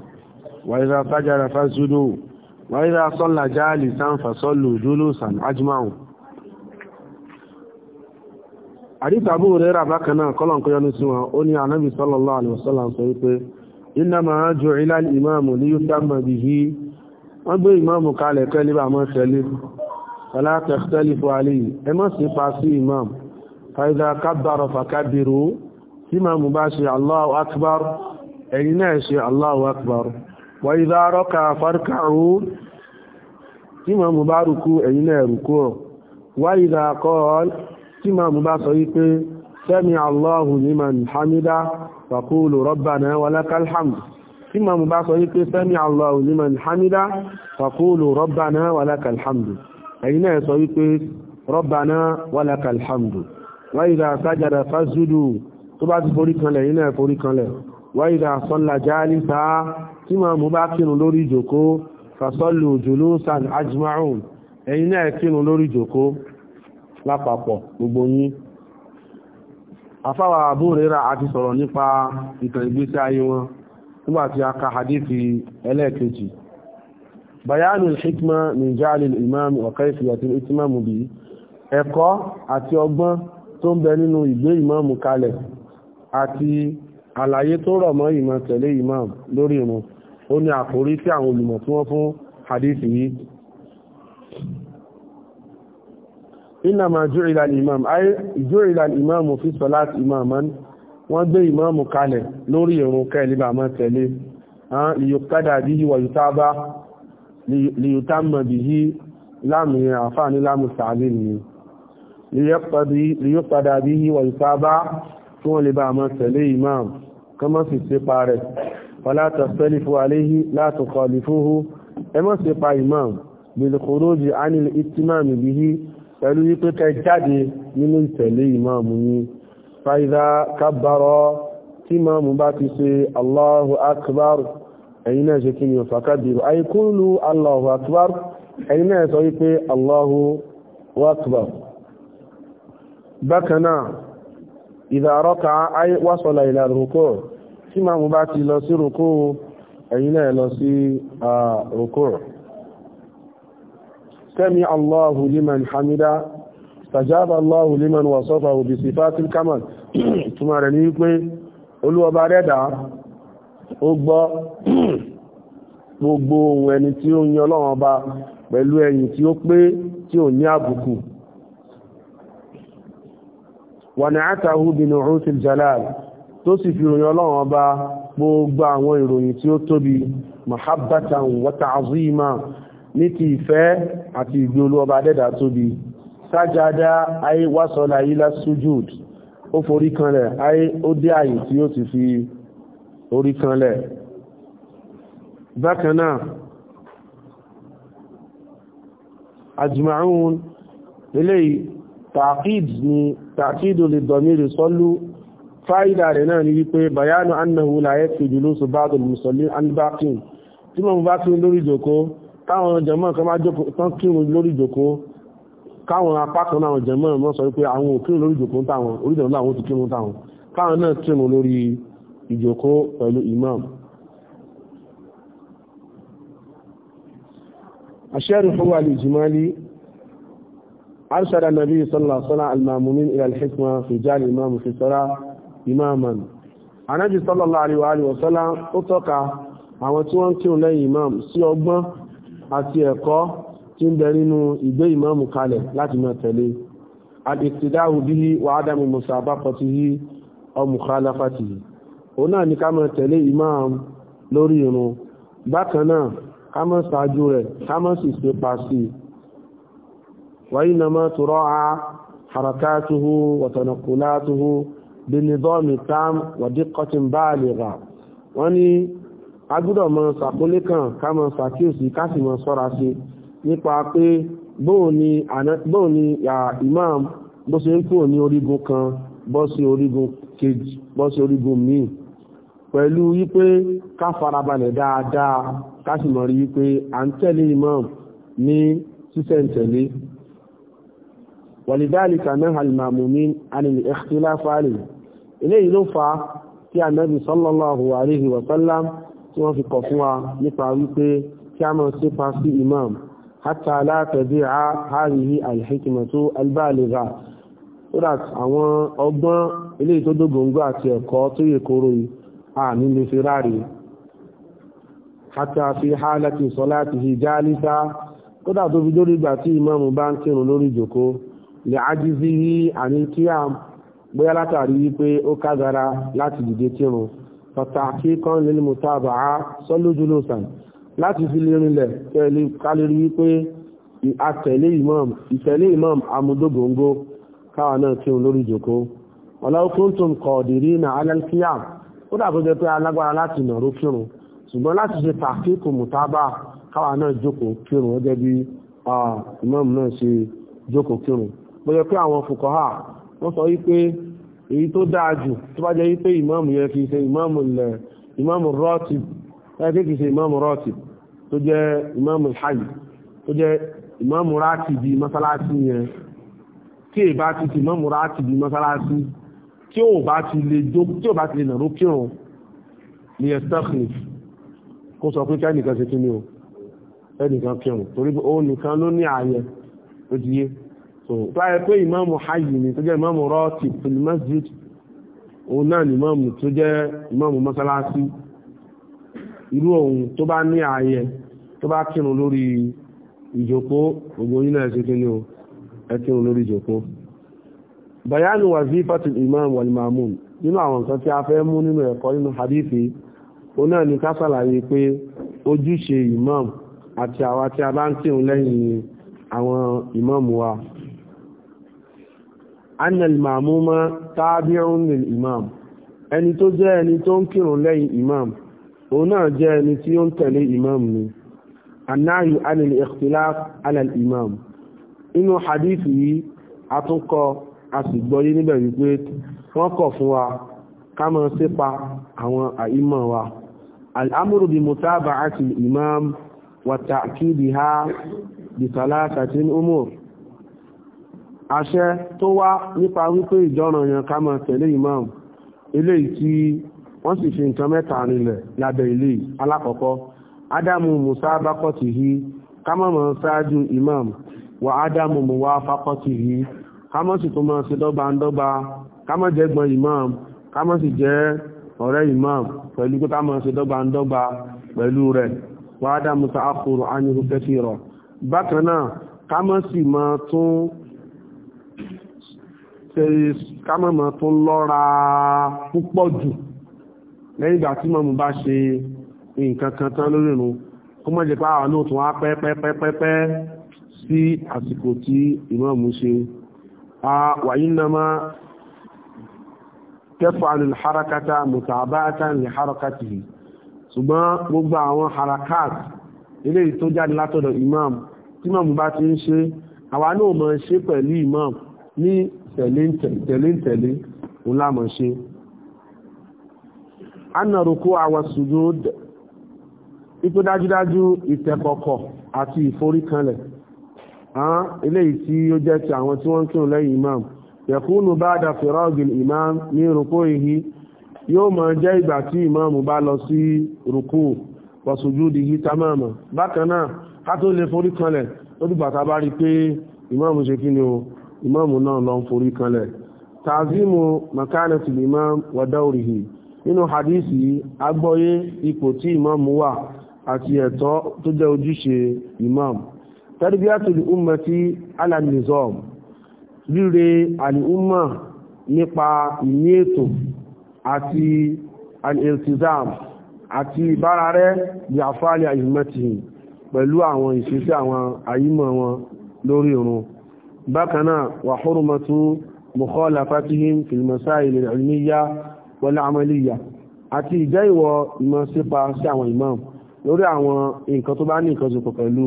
وإذا فجر فاسجدوا وإذا صلى جالسا فصلوا جلوسا أجمعوا àdíta Abu Hurairah bákan náà kọ́lọ̀n kọ́ yọnu sí wọn ó ní ànábì sallallahu alaihi wasallam sọ wípé innama ju'ila al-imamu liyutamma bihi wọ́n gbé ìmáàmù kalẹ̀ kẹ́lẹ́ bá mọ́ tẹ́lẹ̀ alátẹ̀kẹ́lẹ̀ fún alẹ́ yìí ẹ mọ́ sí pa sí ìmáàmù fàíza kábàrọ̀ fàkábìrò tí ìmáàmù bá ṣe Allahu akbar ẹ̀yin náà ṣe Allahu akbar wà ìdá rọ́ka farka'u tí ìmáàmù bá rùkú ẹ̀yin tí mọ̀mù bá sọ wípé sami Allahu liman hamida faqulu rabbana walakal hamdu ẹ̀yin náà sọ wípé rabbana walakal hamdu wa idha sajada fasjudu tó bá ti forí kanlẹ̀ ẹ̀yin náà forí kanlẹ̀ wa idha salla jalisa tí mọ̀mù bá kírun lórí ìjòkó fasallu julusan ajma'un ẹ̀yin náà kírun lórí nípa ìtàn ìgbésí ayé wọn nígbàtí a ka hadithi ẹlẹ́ẹ̀kejì bayanu hikma min jaali imam wa kayfiyati al-itmam bi ẹ̀kọ́ àti ọgbọ́n tó ń bẹ nínú ìgbé imam kalẹ̀ àti àlàyé tó rọ̀ mọ́ ìmọ̀ tẹ̀lé imam lórí ìrun ó ní àkórí tí àwọn olùmọ̀ tí wọ́n fún hadithi yìí inna ma ju'ila al-imam ay ju'ila al-imam fi salati imaman wọ́n gbé ìmáàmù kalẹ̀ lórí ìrun kẹ́lìbà mọ́ tẹ̀lé liyùtádà bí i wàyùtábá liyùtámọ̀ bí i láàmì àfáàní láàmù ni liyùtádà bí i wàyùtábá tí wọ́n lè bá mọ́ tẹ̀lé ìmáàmù kọ́mọ́ sì ti pa rẹ̀ fọlátọ̀ sẹ́lifù aléhì látọ̀kọ̀ lìfúhú ẹmọ́ sì pa ìmáàmù bilkhuruji anil itimami bihi pẹ̀lú wípé kẹ jáde nínú ìtẹ̀lé ìmáàmù yìí fàíza kábàrọ̀ tí máàmù bá ti ṣe Allahu akbar ẹ̀yin náà ṣe kí ni fàkàbìrù àìkúlù Allahu akbar ẹ̀yin náà sọ wípé Allahu akbar bákanáà ìdàrọ́ka wásọ̀lá ìlà rùkú tí máàmù bá ti lọ sí rùkú ẹ̀yin náà lọ sí ah, rùkú sami Allahu liman hamida sàjábà Allahu liman wasafahu bi sifatil kamal túnmà rẹ̀ ní wípé olúọba rẹ̀dà ó gbọ́ gbogbo ohun ẹni tí ó yan Ọlọ́run ọba pẹ̀lú ẹ̀yìn tí ó pé tí ò ní àbùkù wà ní àtàhù bínú rútil jalal tó sì fi ròyìn Ọlọ́run ọba gbogbo àwọn ìròyìn tí ó tóbi mahabbatan wa ta'zima ní ti ìfẹ́ àti ìgbé olúọba dẹ́dà tóbi sájádá ayé wásọ̀lá yìí lásújúd ó forí kanlẹ̀ ayé ó dé àyè tí ó ti fi orí kanlẹ̀ bákan náà ajma'un eléyìí ta'qid ni ta'qidu lè dọ̀mírí sọ́lú fáìdà rẹ̀ náà ni wípé bayanu annahu la yakfi julusu ba'd al-musallin an baqin tí mo bá fi lórí ìjòkó táwọn jàmáà kan máa jókòó tán lórí ìjòkó káwọn apá kan náà jẹ mọ́ mọ́ sọ pé àwọn òkè lórí ìjòkó táwọn orílẹ̀ náà wọ́n ti kírun táwọn káwọn náà kírun lórí ìjòkó pẹ̀lú imam aṣẹ́rù fún wàlì ìjìmálí arṣada nabi sallallahu alaihi wasallam al-mamumin ila al-hikma fi jali imam fi sara imaman anabi sallallahu alaihi wasallam ó tọ́ka tí ń bẹ nínú ìgbé ìmáàmù kalẹ̀ láti máa tẹ̀lé al-iqtida'u bihi wa 'adamu musabaqatihi aw mukhalafatihi òun náà ni ká máa tẹ̀lé ìmáàmù lórí irun bákan náà ká máa ṣáájú rẹ̀ ká máa sì ṣe pa sí i wa innama tura'a harakatuhu wa tanaqqulatuhu binidami tam wa diqqatin baligha wọ́n ní agbúdọ̀ mọ́ sàkólé kan ká máa ṣàkíyèsí ká sí i nípa pé bóò ni imam bó ṣe ń kúrò ní orígun kan bọ́ sí orígun kejì bọ́ sí orígun míì pẹ̀lú wípé ká farabalẹ̀ dáadáa ká sì mọ̀ rí wípé à ń tẹ̀lé imam ní sísẹ̀ntẹ̀lé wàlìdáàlìkà náà alìmàmùmí anìlì ẹ̀kìláfààlì eléyìí ló fa kí ànábì sallallahu alayhi wa tí wọ́n fi kọ̀ fún wa nípa wípé kí a máa sípa sí imam hatta la tabi'a hadhihi al-hikmatu al-baligha so that àwọn ọgbọ́n eléyìí tó dógóńgó àti ẹ̀kọ́ tó yẹ kóró yìí a ní lè fi ráre hatta fi halati salatihi jalisa so that tó fi dórí ìgbà tí ìmáàmù bá ń kírun lórí ìjòkó lè ájízí yí àní kí à bóyá látàrí wípé ó kágara láti dìde kírun tọ̀tà kí kan lil mutaba'a sallu julusan láti fi lè rinlẹ̀ kẹ́lẹ̀ kálérí wípé àtẹ̀lé imam ìtẹ̀lé imam amúdógóńgó káwa náà kí òun lórí ìjòkó ọláwókúntùn kọ̀ọ̀dìrí na alẹ́kíyà ó dàbí jẹ́ pé alágbára láti nàró kírun ṣùgbọ́n láti ṣe tàkíkù mùtábà káwa náà jókòó kírun gẹ́gẹ́ bí imam náà ṣe jókòó kírun bó jẹ́ pé àwọn fùkọ́hà wọ́n sọ wípé èyí tó dáa jù tó bá jẹ́ wípé imam yẹ kì í ṣe imam rọ́ọ̀tì ẹ kì í imam rọ́ọ̀tì tó jẹ́ ìmáàmù hajj tó jẹ́ ìmáàmù ráàtì bíi mọ́sálásí yẹn tí èbá ti ti ìmáàmù ráàtì bíi mọ́sálásí tí ò bá ti lè jó tí ò bá ti lè nàró kírun ní estakhlif kó sọ pé kẹ́nìkan ṣe kí ni o ẹnìkan kírun torí òun ó ti yé irú ohun tó bá ní ààyè tó bá kírun lórí ìjókòó gbogbo yín náà ṣe kíni o ẹ kírun lórí ìjókòó bayanu wazifatul imam wal ma'mum nínú àwọn nǹkan tí a fẹ́ mú nínú ẹ̀kọ́ nínú hadithi ó náà ní ká ṣàlàyé pé ojúṣe imam àti àwa tí a bá ń kírun lẹ́yìn àwọn imam wa annal ma'muma tabi'un lil imam ẹni tó jẹ́ ẹni tó ń kírun lẹ́yìn imam òun náà jẹ́ ẹni tí ó ń tẹ̀lé imam ni anáyù alìlì ikhtilaf alàlì imam inú hadith yìí a tún kọ a sì gbọ́yé níbẹ̀ wípé wọ́n kọ̀ fún wa ká má ṣépa àwọn àìmọ̀ wa al'amuru bi mutaba'ati imam wa ta'kidiha bi talatatin umur àṣẹ tó wá nípa wípé ìjọ́ràn yẹn ká tẹ̀lé imam eléyìí tí wọ́n sì fi nǹkan mẹ́ta rinlẹ̀ lábẹ́ ilé alákọ̀ọ́kọ́ ádámù musa bákọ́tì yìí kámọ́mọ́ ṣáájú imam wà ádámù muwa fákọ́tì yìí kámọ́ sì tó máa ṣe dọ́gba ń dọ́gba kámọ́ jẹ́ gbọ́n imam kámọ́ sì jẹ́ ọ̀rẹ́ imam pẹ̀lú pé kámọ́ ṣe dọ́gba ń dọ́gba pẹ̀lú rẹ̀ wà ádámù sa àkùrù ánìhù kẹfì rọ̀ bákan náà kámọ́ sì máa tún ṣe kámọ́ máa tún lọ́ra púpọ̀ jù lẹ́yìn ìgbà tí mọ́mù bá ṣe nǹkan kan tán lórí ìrun kó mọ́ jẹ́ pé àwọn náà tún wá pẹ́pẹ́pẹ́pẹ́ sí àsìkò tí ìmọ̀mù ṣe wàyí nàmá kẹfà àlùl harakata mùtàbáta ní ṣùgbọ́n gbogbo àwọn harakat eléyìí tó jáde látọ̀dọ̀ imam tí mọ́mù bá ti ń ṣe àwa náà mọ̀ ṣe pẹ̀lú imam ní tẹ̀léńtẹ̀lé òun lámọ̀ ṣe anna ruku'a wa sujud ipò dájúdájú ati ifori ìforíkanlẹ̀ àwọn eléyìí tí ó jẹ́ ti àwọn tí wọ́n ń kírun imam yakunu ba'da firagil imam ní ruku'ihi yóò máa jẹ́ ìgbà imam bá lọ sí ruku'u wa sujudihi tamama bákan náà ká tó lè forí kanlẹ̀ ó dìgbà tá a bá imam ṣe kí o imam náà lọ fori forí tazimu makana makanati imam wa dawrihi nínú hadisi agbọ́yé ipò tí ìmáàmù wà àti ẹ̀tọ́ tó jẹ́ ojúṣe ìmáàmù tarbiyatul ummati ala nizam ríre al-umma nípa ìní ètò àti al-iltizam àti ìbára rẹ̀ bí àfáàlì àyímọ̀tì pẹ̀lú àwọn ìṣesí àwọn àyímọ̀ wọn lórí irun bákan náà wa hurmatu mukhalafatuhum fil masail al wọlé amẹ́líyà àti ìjẹ́ ìwọ ìmọ̀ sípa sí àwọn imam lórí àwọn nǹkan tó bá ní nǹkan ṣe pọ̀ pẹ̀lú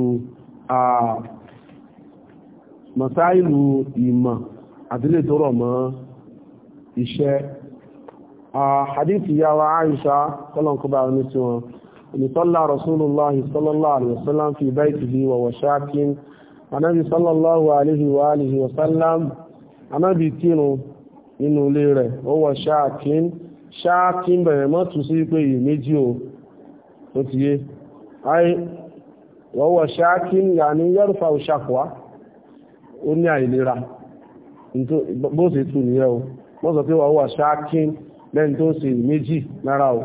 mọ̀sáìlú ìmọ̀ àdílé tó rọ̀ mọ́ iṣẹ́ hadithi ya wa aisha kọlọ̀n kọba ní tí wọn onítọ́lá rasulullahi sallallahu alaihi wasallam fi baytihi wa washakin wa alihi wasallam anabi nínú ilé rẹ̀ ó wọ ṣáàkín ṣáàkín bẹ̀rẹ̀ mọ́ tún sí pé èyí méjì o ó ti yé ayé wọ́n wọ ṣáàkín yà ní yọ́rùfà òṣàkùá ó ní àìlera bó ṣe tún nìyẹn o wọ́n sọ pé wọ́n wọ ṣáàkín lẹ́yìn tó ṣe méjì lára o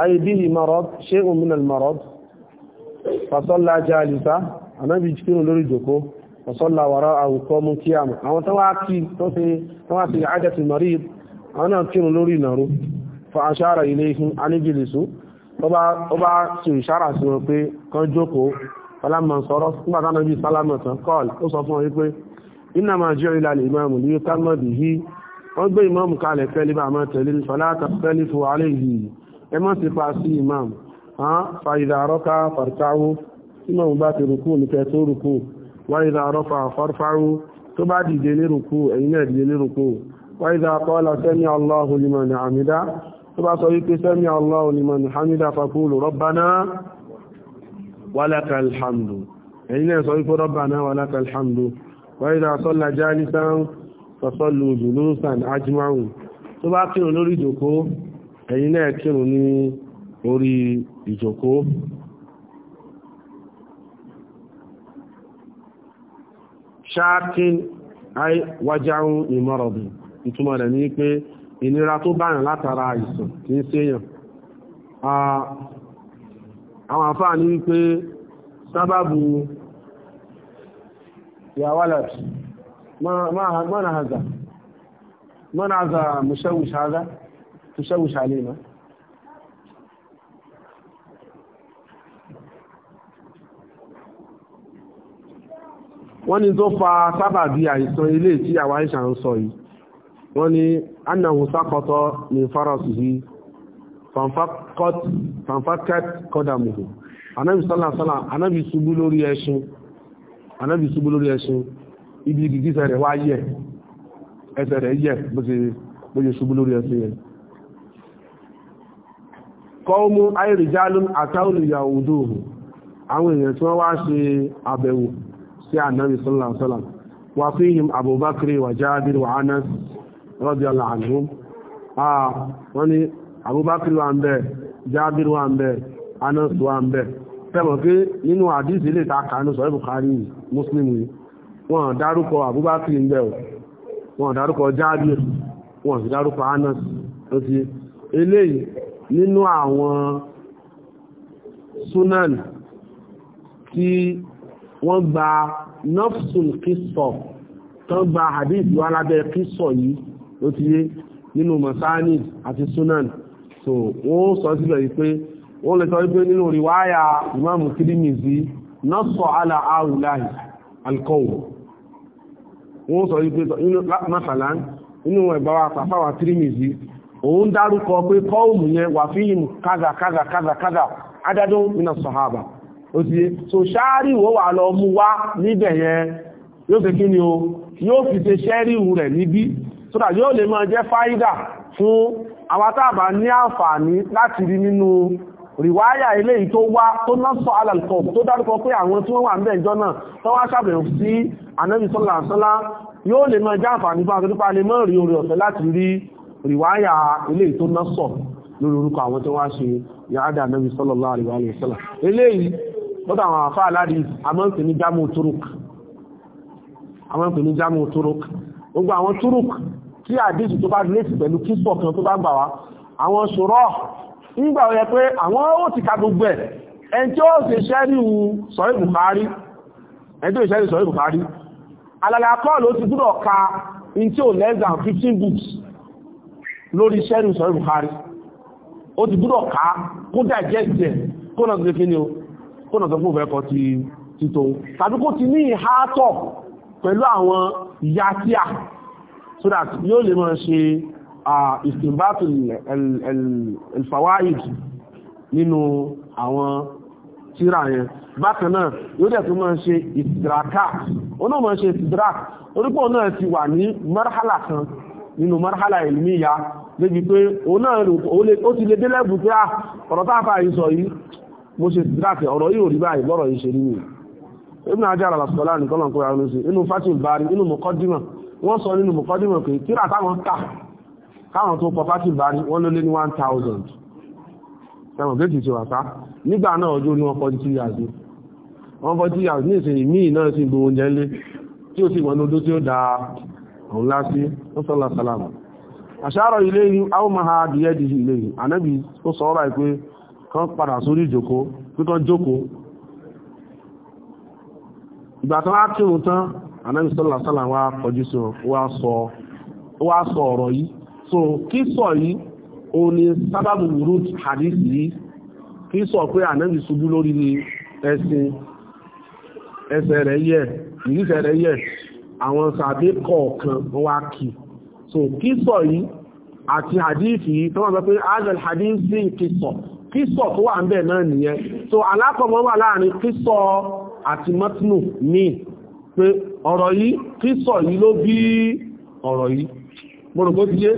ayé bí ìmọ̀rọ̀ ṣé òmìnira ìmọ̀rọ̀ fasọ́lá àlìsá ànábì kírun lórí ìjòkó ọ̀sọ́là wàrá àwùkọ́ mú kí àmù àwọn tó wá kí tó fi wá sí àjẹsì marid àwọn náà kírun lórí ìnàró fa aṣára ilé ihun aníjìlìsú ó bá sì ìṣára sí wọn pé kan jókòó sálámà sọ̀rọ̀ nígbà tánà bí sálámà tán kọ́ọ̀lù ó sọ fún wọn wípé iná máa jẹ́ ìlà lè máa mú ní yóò tán mọ́bì wáyíza rọ́fà farfáru tó bá dìde lérùkú ẹ̀yin náà dìde lérùkú wáyíza kọ́lá sẹ́mi allahu liman hamida tó bá sọ wípé sẹ́mi allahu liman hamida fakulu rọ́bbaná walakal hamdu ẹ̀yin náà sọ wípé rọ́bbaná walakal hamdu wáyíza sọ́lá jálísán fasọ́lù jùlúsàn ṣáàkín wájáhún ìmọ̀rọ̀bì ìtumọ̀ rẹ̀ ní pé ìnira tó báyàn látara àìsàn tí ń séyàn àwọn sababu ní wípé sábàbù yàwálàt mọ́nà àzà mọ́nà wọ́n ní tó fa sábàbí àìsàn ilé tí àwa Àìṣà ń sọ yìí wọ́n ní annahu sákọtọ́ ní farasihi fanfakat kọdàmùhù anábi sálàsálà anábi ṣubú lórí ẹṣin anábi ṣubú lórí ibi gìgísẹ̀ rẹ̀ wá yẹ̀ ẹsẹ̀ rẹ̀ yẹ̀ bó ṣe ṣubú lórí ẹṣin yẹn kọ́ọ̀mú àìrìjálùm àtàwọn ìyàwó dòhù àwọn èèyàn tí wọ́n wá ṣe àbẹ̀wò sí ànábì sallallahu alaihi wasallam wà fíhìm abubakar wà jábir wà anas radiyallahu anhum wọ́n ni abubakar wà ń bẹ jábir wà ń bẹ anas wà ń bẹ tẹ́mọ̀ pé nínú àdísì lè ta kàánú sọ ibùkárí muslim yìí wọ́n dárúkọ abubakar ń bẹ wọ́n dárúkọ jábir wọ́n sì dárúkọ anas ó ti eléyìí nínú àwọn sunan tí wọ́n gba nafsul kìsọ̀ tán gba hadith wá lábẹ́ kìsọ̀ yìí ló ti yé nínú masani àti sunan so wọ́n sọ síbẹ̀ wípé wọ́n lè sọ wípé nínú riwaya imam kirimizi nọ́sọ̀ ala aulahi alkowo wọ́n sọ wípé masalan nínú ẹ̀báwà pàfáwà kirimizi òun dárúkọ pé kọ́ọ̀mù yẹn wà fíhìm kádà kádà kádà kádà adádún nínú sọ̀hábà ó ti so ṣáárì wo wà lọ mú wá níbẹ̀ yẹn yóò fi kí ni o yóò fi ṣe ṣẹ́ríwù rẹ̀ níbí tó dà yóò lè máa jẹ́ fáídà fún àwọn tàbà ní àǹfààní láti rí nínú rìwáyà eléyìí tó wá tó náà sọ alàlùkọ̀ tó dárúkọ pé àwọn tí wọ́n wà ń bẹ̀ ìjọ náà tó wá ṣàbẹ̀wò sí ànábì sọ́lá sọ́lá yóò lè máa jẹ́ àǹfààní fún àtọ́jú palẹ̀ mọ́ rí orí ọ̀fẹ́ láti rí rìwáyà eléyìí tó náà sọ lórí orúkọ àwọn tó wá ṣe yàádà ànábì sọ́lá lọ́dọ̀ àwọn àfá aláàrí àmọ́ǹpẹ̀ ní jámù turuk gbogbo àwọn turuk tí àdíjù tó bá gílẹ̀sì pẹ̀lú kíso kan tó bá gbà wá àwọn ṣòro nígbà ó yẹ pé àwọn ó ti ka gbogbo ẹ̀ ẹn tí ó sì ṣẹ́rí sọ̀rí Bukhari alàlẹ́ akọ́ọ̀lù ó ti gbúdọ̀ ka in tí ó less than 15 books kó náà sọ fún òfẹ́ kọ ti títò tàbí kó ti ní ìhátọ̀ pẹ̀lú àwọn yàtíà so that yóò lè máa ṣe ìsìnbátù alfawaid nínú àwọn tíra yẹn bákan náà yóò dẹ̀ tún máa ṣe ìsìdraka ó náà máa ṣe ìsìdrak orípò náà ti wà ní marhala kan nínú marhala ilmiya débi pé ó ti lè délẹ́bù pé ọ̀rọ̀ táàfà sọ yìí mo ṣe dáàtì ọ̀rọ̀ yóò rí báyìí bọ́rọ̀ yìí ṣe rí nìyà Ibn Hajar al-Asqalani nìkan kó ra inú Fathul Bari inú Muqaddimah wọ́n sọ nínú Muqaddimah pé kíra táwọn kọ Bari wọ́n lé ní 1000 ẹ̀wọ̀n gẹ́gì ti wà sá nígbà náà ọjọ́ ní 140 years wọ́n 140 years ní ìsìn ìmí náà sí gbogbo oúnjẹ lé tí ó sì tí ó da òun lásí ó sọ́lá àṣàrọ̀ ilé yìí áwọn máa di ilé yìí ànábì ó kan padà sórí ìjòkó kíkan jókó ìgbà tán á kírun tán anábì sọ́lá sọ́lá wá kọjú sí wá sọ ọ̀rọ̀ yìí so kí sọ yìí o ní sábàbù root hadith yìí kí sọ pé anábì ṣubú lórí ni ẹsìn ẹsẹ̀ rẹ̀ yẹ̀ ìrísẹ̀ rẹ̀ yẹ̀ àwọn sàbẹ́ kọ̀ọ̀kan wá kì so kí sọ yìí àti hadith yìí tọ́wọ́n sọ pé adal hadith sí kí sọ kísọ̀ tó wà ń bẹ̀ náà nìyẹn so alákọ̀ọ́mọ́ wà láàrin kísọ̀ àti mọ́tínù ní pé ọ̀rọ̀ yìí kísọ̀ yìí ló bí ọ̀rọ̀ yìí mọ̀rọ̀gbó ti yé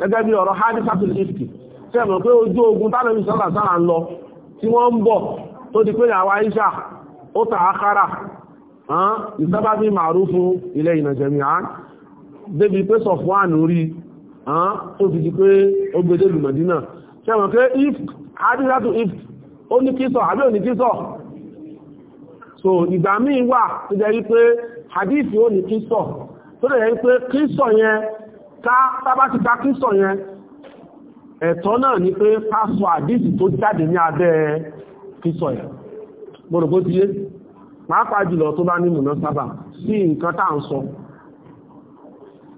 gẹ́gẹ́ bí ọ̀rọ̀ hadisatul ifki tẹ́ mọ̀ pé ojú ogun tánàbí sọ́là sára ń lọ tí wọ́n ń bọ̀ tó di pé àwa Aisha ó ta àkàrà ìsábábí ṣẹ̀wọ̀n pé if adílátò if ó ní kíso àbí ò ní kíso so ìgbà míì wà tó jẹ́ wípé hadith ó ní kíso tó jẹ́ wípé kíso yẹn ká tábá ti ká kíso yẹn ẹ̀tọ́ náà ni pé ká sọ hadith tó jáde ní abẹ́ kíso yẹn gbọ́dọ̀gbọ́ ti yé pàápàá jùlọ tó bá ní mùnà sábà sí nǹkan tá à ń sọ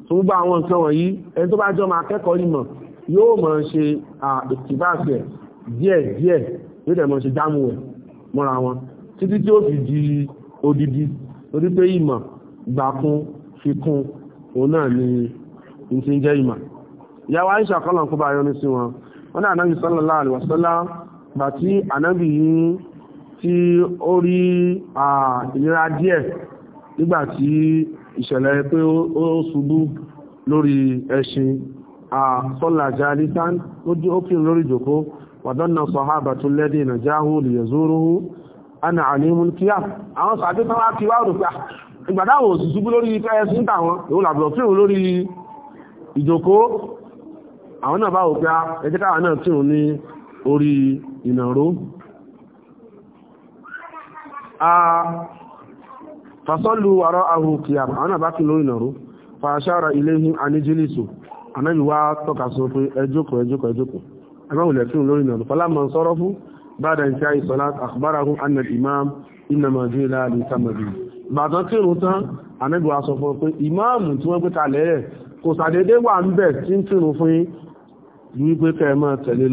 tó gbogbo àwọn nǹkan wọ̀nyí ẹni tó bá jọ máa kẹ́kọ̀ọ́ ìmọ̀ yóò mọ̀ ṣe ìtìbáṣẹ̀ díẹ̀ díẹ̀ yóò dẹ̀ mọ̀ ṣe jámù ẹ̀ mọ́ra wọn títí tí ó fi di odidi torí pé ìmọ̀ gbàkún fikún òun náà ni ìtí jẹ́ ìmọ̀ ìyàwó Àìṣà kọ́lọ̀ kó bá yọnu sí wọn wọ́n náà anábì sallallahu alaihi wasallam bà tí anábì yìí tí ó rí ìnira díẹ̀ nígbà ìṣẹ̀lẹ̀ pé ó ṣubú lórí ẹṣin sọ́là jalisan ó jí ókín lórí jòkó wàdánà sọ̀hábà tó lẹ́dí na jáhù lè yẹ zúrúhú ana alimun kíyà àwọn sàbí tán wá kí wá rò pé ah, ìgbàdáwò ṣùgbú lórí ẹ̀sìn fasọ́lù wàrọ̀ ahù kíyà àwọn náà ah, ah, lórí ìnàró fàṣára iléhìn aníjílìsù anábì wá tọ́ka sọ pé ẹjókòó ẹjókòó ẹjókòó ẹgbẹ́ òlẹ̀ fún lórí ìnà fọlá mọ̀ sọ́rọ́ fún bàdà ìṣe àìsọ̀lá àkùbárahùn anna imam innama jila li samadi bàtàn kírun tán anábì wá sọ fún pé ìmáàmù tí wọ́n gbé kalẹ̀ rẹ̀ kò sàdédé wà ń bẹ̀ tí ń kírun fún yín wípé kẹ́ ẹ máa tẹ̀lé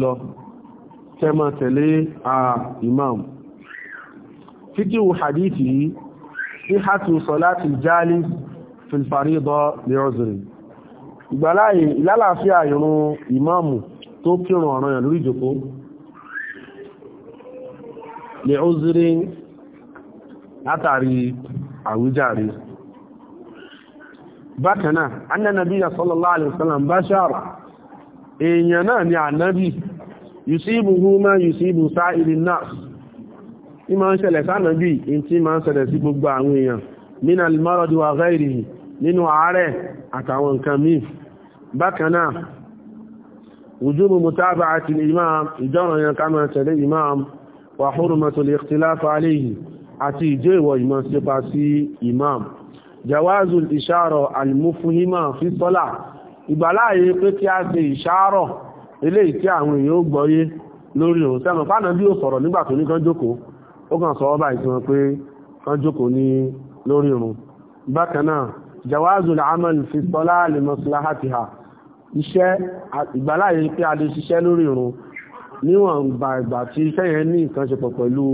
lọ ìgbàláyè ìlàlàáfíà ìrun ìmáàmù tó kírun ọ̀ràn yàn ìjòkó lè ó zírí látàrí àwíjàre bákanáà annanabi sallallahu alaihi wasallam bashara èèyàn náà ni ànábì yusibu huma yusibu sa'irin nas ìmọ̀ ń ṣẹlẹ̀ sánàbí in tí ma ń ṣẹlẹ̀ sí gbogbo àwọn èèyàn min al-marad nínú àárẹ̀ àtàwọn nǹkan mìí bákanáà wùjúbù mutaba àti imam ìjọ́ranyàn kama tẹ̀lé imam wà hurmatul ikhtilaf alayhi àti ìjẹ́wọ̀ imam sípa sí imam jawazul isharo almufuhima fi sọ́lá ìgbàláyé pé kí a ṣe ìṣàrọ̀ eléyìí tí àwọn èèyàn ó gbọ́yé lórí òun sẹ́nu fánà bí ó sọ̀rọ̀ nígbà tó ní kán jawazul amal fi sọ́lá li iṣẹ́ ìgbàláyé pé a lè ṣiṣẹ́ lórí irun níwọ̀n gbà ìgbà tí iṣẹ́ yẹn ní nǹkan ṣe pọ̀ pẹ̀lú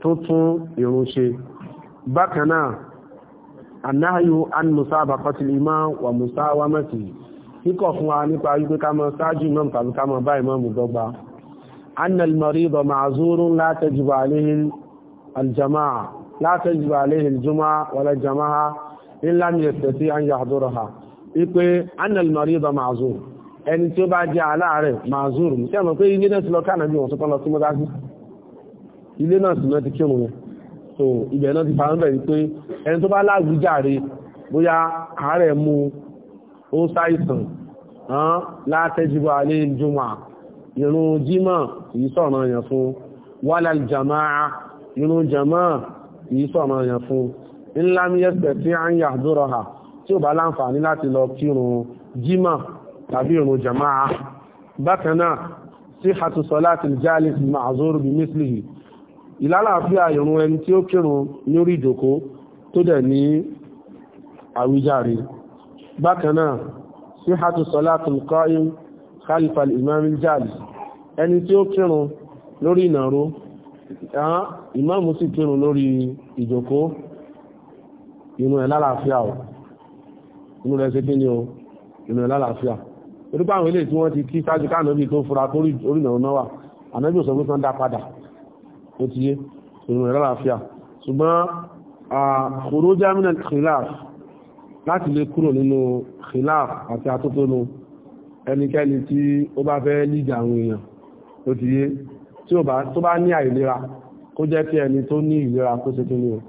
tó tún irun ṣe bákan náà anáhàyò an musabaqati imam wa musawamati kíkọ̀ fún wa nípa wípé ká mọ ṣáájú imam tàbí ká mọ bá imam dọ́gba anna al-marida wípé anal marido mazur ẹni tí ó bá jẹ́ aláàrẹ̀ mazur mú sẹ́mọ̀ pé ilé náà ti lọ kánà bí wọ́n sọ́kọ́ lọ sí mọ́dájú ilé náà sì náà ti kírun yẹn so ibẹ̀ náà ti fa ń bẹ̀ wípé ẹni tó bá láàgbújáre bóyá àárẹ̀ mú ó ṣàìsàn án látẹ́júbọ̀ alẹ́ ìjùmọ̀ ìrun jímọ̀ kìí sọ̀rọ̀ yẹn fún wàlá jama'a ìrun jama'a kìí sọ̀rọ̀ yẹn fún ńlá mi yẹ́sẹ̀ tí a ń yàdúrọ̀ ha tí ó bá láǹfààní láti lọ kírun jímà tàbí ìrun jama'a bákan náà sihhatu salatil jalis ma'zur bi mislihi ìlàlàáfíà ìrun ẹni tí ó kírun lórí ìjòkó tó dẹ̀ ní àwíjàre bákan náà sihhatu salatil qa'im khalifa al-imam al-jalis ẹni ah, ẹ̀ lálàáfíà ọ̀ inú rẹ̀ ṣe kí ni o ìrìn lálàáfíà orúkọ àwọn ilé tí wọ́n ti kí sáájú káàná bíi tó fura tó rìnà ọ̀nà wà ànábì òsọ pé kán dá padà ó ti yé ìrìn lálàáfíà ṣùgbọ́n àkòrò jámínà khilaf láti lè kúrò nínú khilaf àti atótónu ẹnikẹ́ni tí ó bá fẹ́ lídì àwọn èèyàn ó ti yé tí ó bá ní àìlera kó jẹ́ kí ẹni tó ní ìlera kó ṣe kí ni o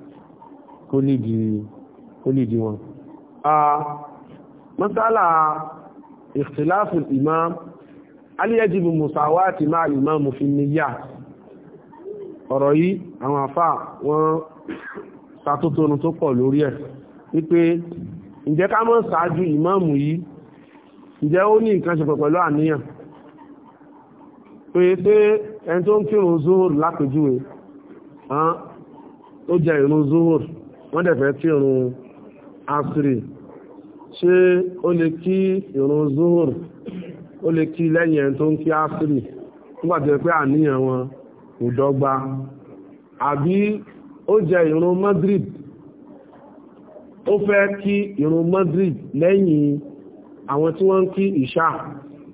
kó lídì wọn masala ikhtilafu imam aliyajibu musawati ma imam fi niyya ọ̀rọ̀ yìí àwọn àfà wọ́n sàtótónu tó pọ̀ lórí ẹ̀ wípé ǹjẹ́ ká mọ́ ṣáájú ìmáàmù yìí ǹjẹ́ ó ní nǹkan ṣe pọ̀ pẹ̀lú àníyàn pé asiri ṣé ó lè kí ìrun zuhur ó lè kí lẹ́yìn ẹni tó ń kí asiri nígbàtí pé àníyàn wọn kò dọ́gba àbí ó jẹ ìrun madrid ó fẹ́ kí ìrun madrid lẹ́yìn àwọn tí wọ́n kí ìṣà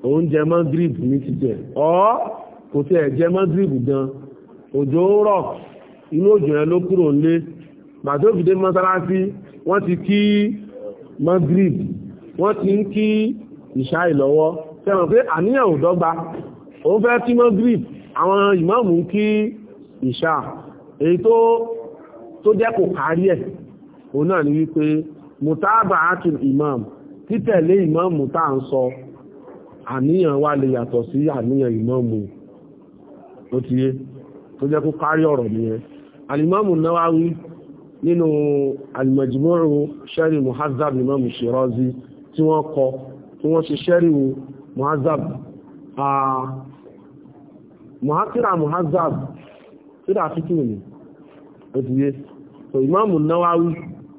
òun jẹ madrid ní títẹ̀ ọ́ kò tí ẹ̀ jẹ madrid gan òjò ń rọ̀ inú òjò yẹn ló kúrò nílé bàtó fìdé mọ́sálásí wọ́n ti kí Madrid wọ́n ti ń kí ìṣáì lọ́wọ́ tẹ́wọ̀n pé àníyàn ò dọ́gba òun fẹ́ kí Madrid àwọn ìmáàmù ń kí ìṣá èyí tó tó jẹ́ kò kárí ẹ̀ òun náà ni wípé mutaba atul imam títẹ̀lé ìmáàmù tá à ń sọ àníyàn wa lè yàtọ̀ sí àníyàn ìmáàmù ó ti yé tó jẹ́ kó kárí ọ̀rọ̀ nìyẹn Al-Imam Nawawi nínú alìmọ̀jìmọ́rù sẹ́rì muhazzab Imam Shirazi tí wọ́n kọ tí wọ́n ṣe sẹ́rì muhazzab muhazzab muhazzab sídà fíkìmì ní òdìyẹ so Imam Nawawi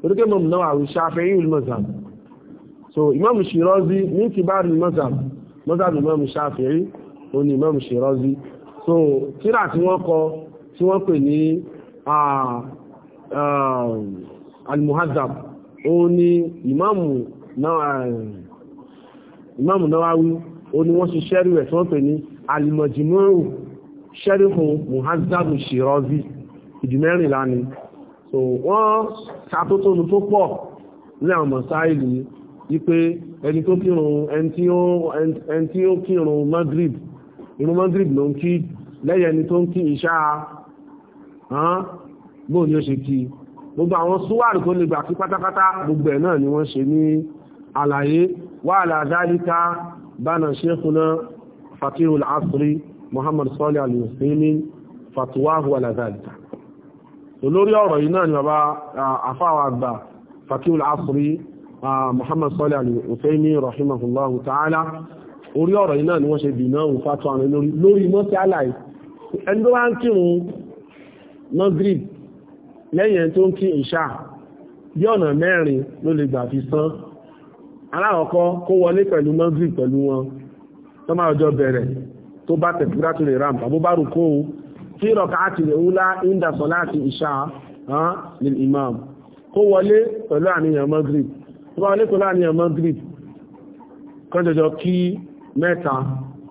oríkẹ́ Imam Nawawi Shafi'i al-mazhab so Imam Shirazi ní kìbáàrì mazhab mazhab Imam Shafi'i ó ní Imam Shirazi so sídà tí wọ́n kọ tí wọ́n pè ní al-muhazzab ó ní Imamu náwáwí ó ní wọ́n ṣe ṣẹ́rí ẹ̀ tí wọ́n pè ní al-majmu' ṣẹ́rífù muhazzab shirazi ìdí mẹ́rìnlá ni so wọ́n ṣàtótónu tó pọ̀ ní àwọn mọ̀sáìlì wípé ẹni tó kírun ẹni tí ó kírun Maghrib irun Madrid. ló ń kí lẹ́yìn ẹni tó ń kí ìṣá bóò ni ó ṣe kí gbogbo àwọn súwárì tó lè gbà kí pátápátá gbogbo ẹ̀ náà ni wọ́n ṣe ní àlàyé wà àlàdáríká bánà ṣékúná fatihul asri muhammad sọ́lẹ̀ alìsíní fatuwahu àlàdáríká olórí ọ̀rọ̀ yìí náà ni bàbá àfáwà àgbà fatihul asri muhammad sọ́lẹ̀ alìsíní rahimahullahu ta'ala orí ọ̀rọ̀ yìí náà ni wọ́n ṣe bìnà òun fatu lórí mọ́sí àlàyé ẹni tó wá ń kírun magrib lẹ́yìn tó ń kí ìṣà bí ọ̀nà mẹ́rin ló lè gbà fi san alákọ̀ọ́kọ́ kó wọlé pẹ̀lú mọ́gírì pẹ̀lú wọn tó máa ọjọ́ bẹ̀rẹ̀ tó bá tẹ̀fúrá tó lè rà mọ́ bó bá rù kó o kí rọ̀ká àti lè wúlá ìndàsọ̀ láti ìṣà hàn ní imam kó wọlé pẹ̀lú àníyàn mọ́gírì tó bá wọlé pẹ̀lú àníyàn mọ́gírì kọjọjọ kí mẹ́ta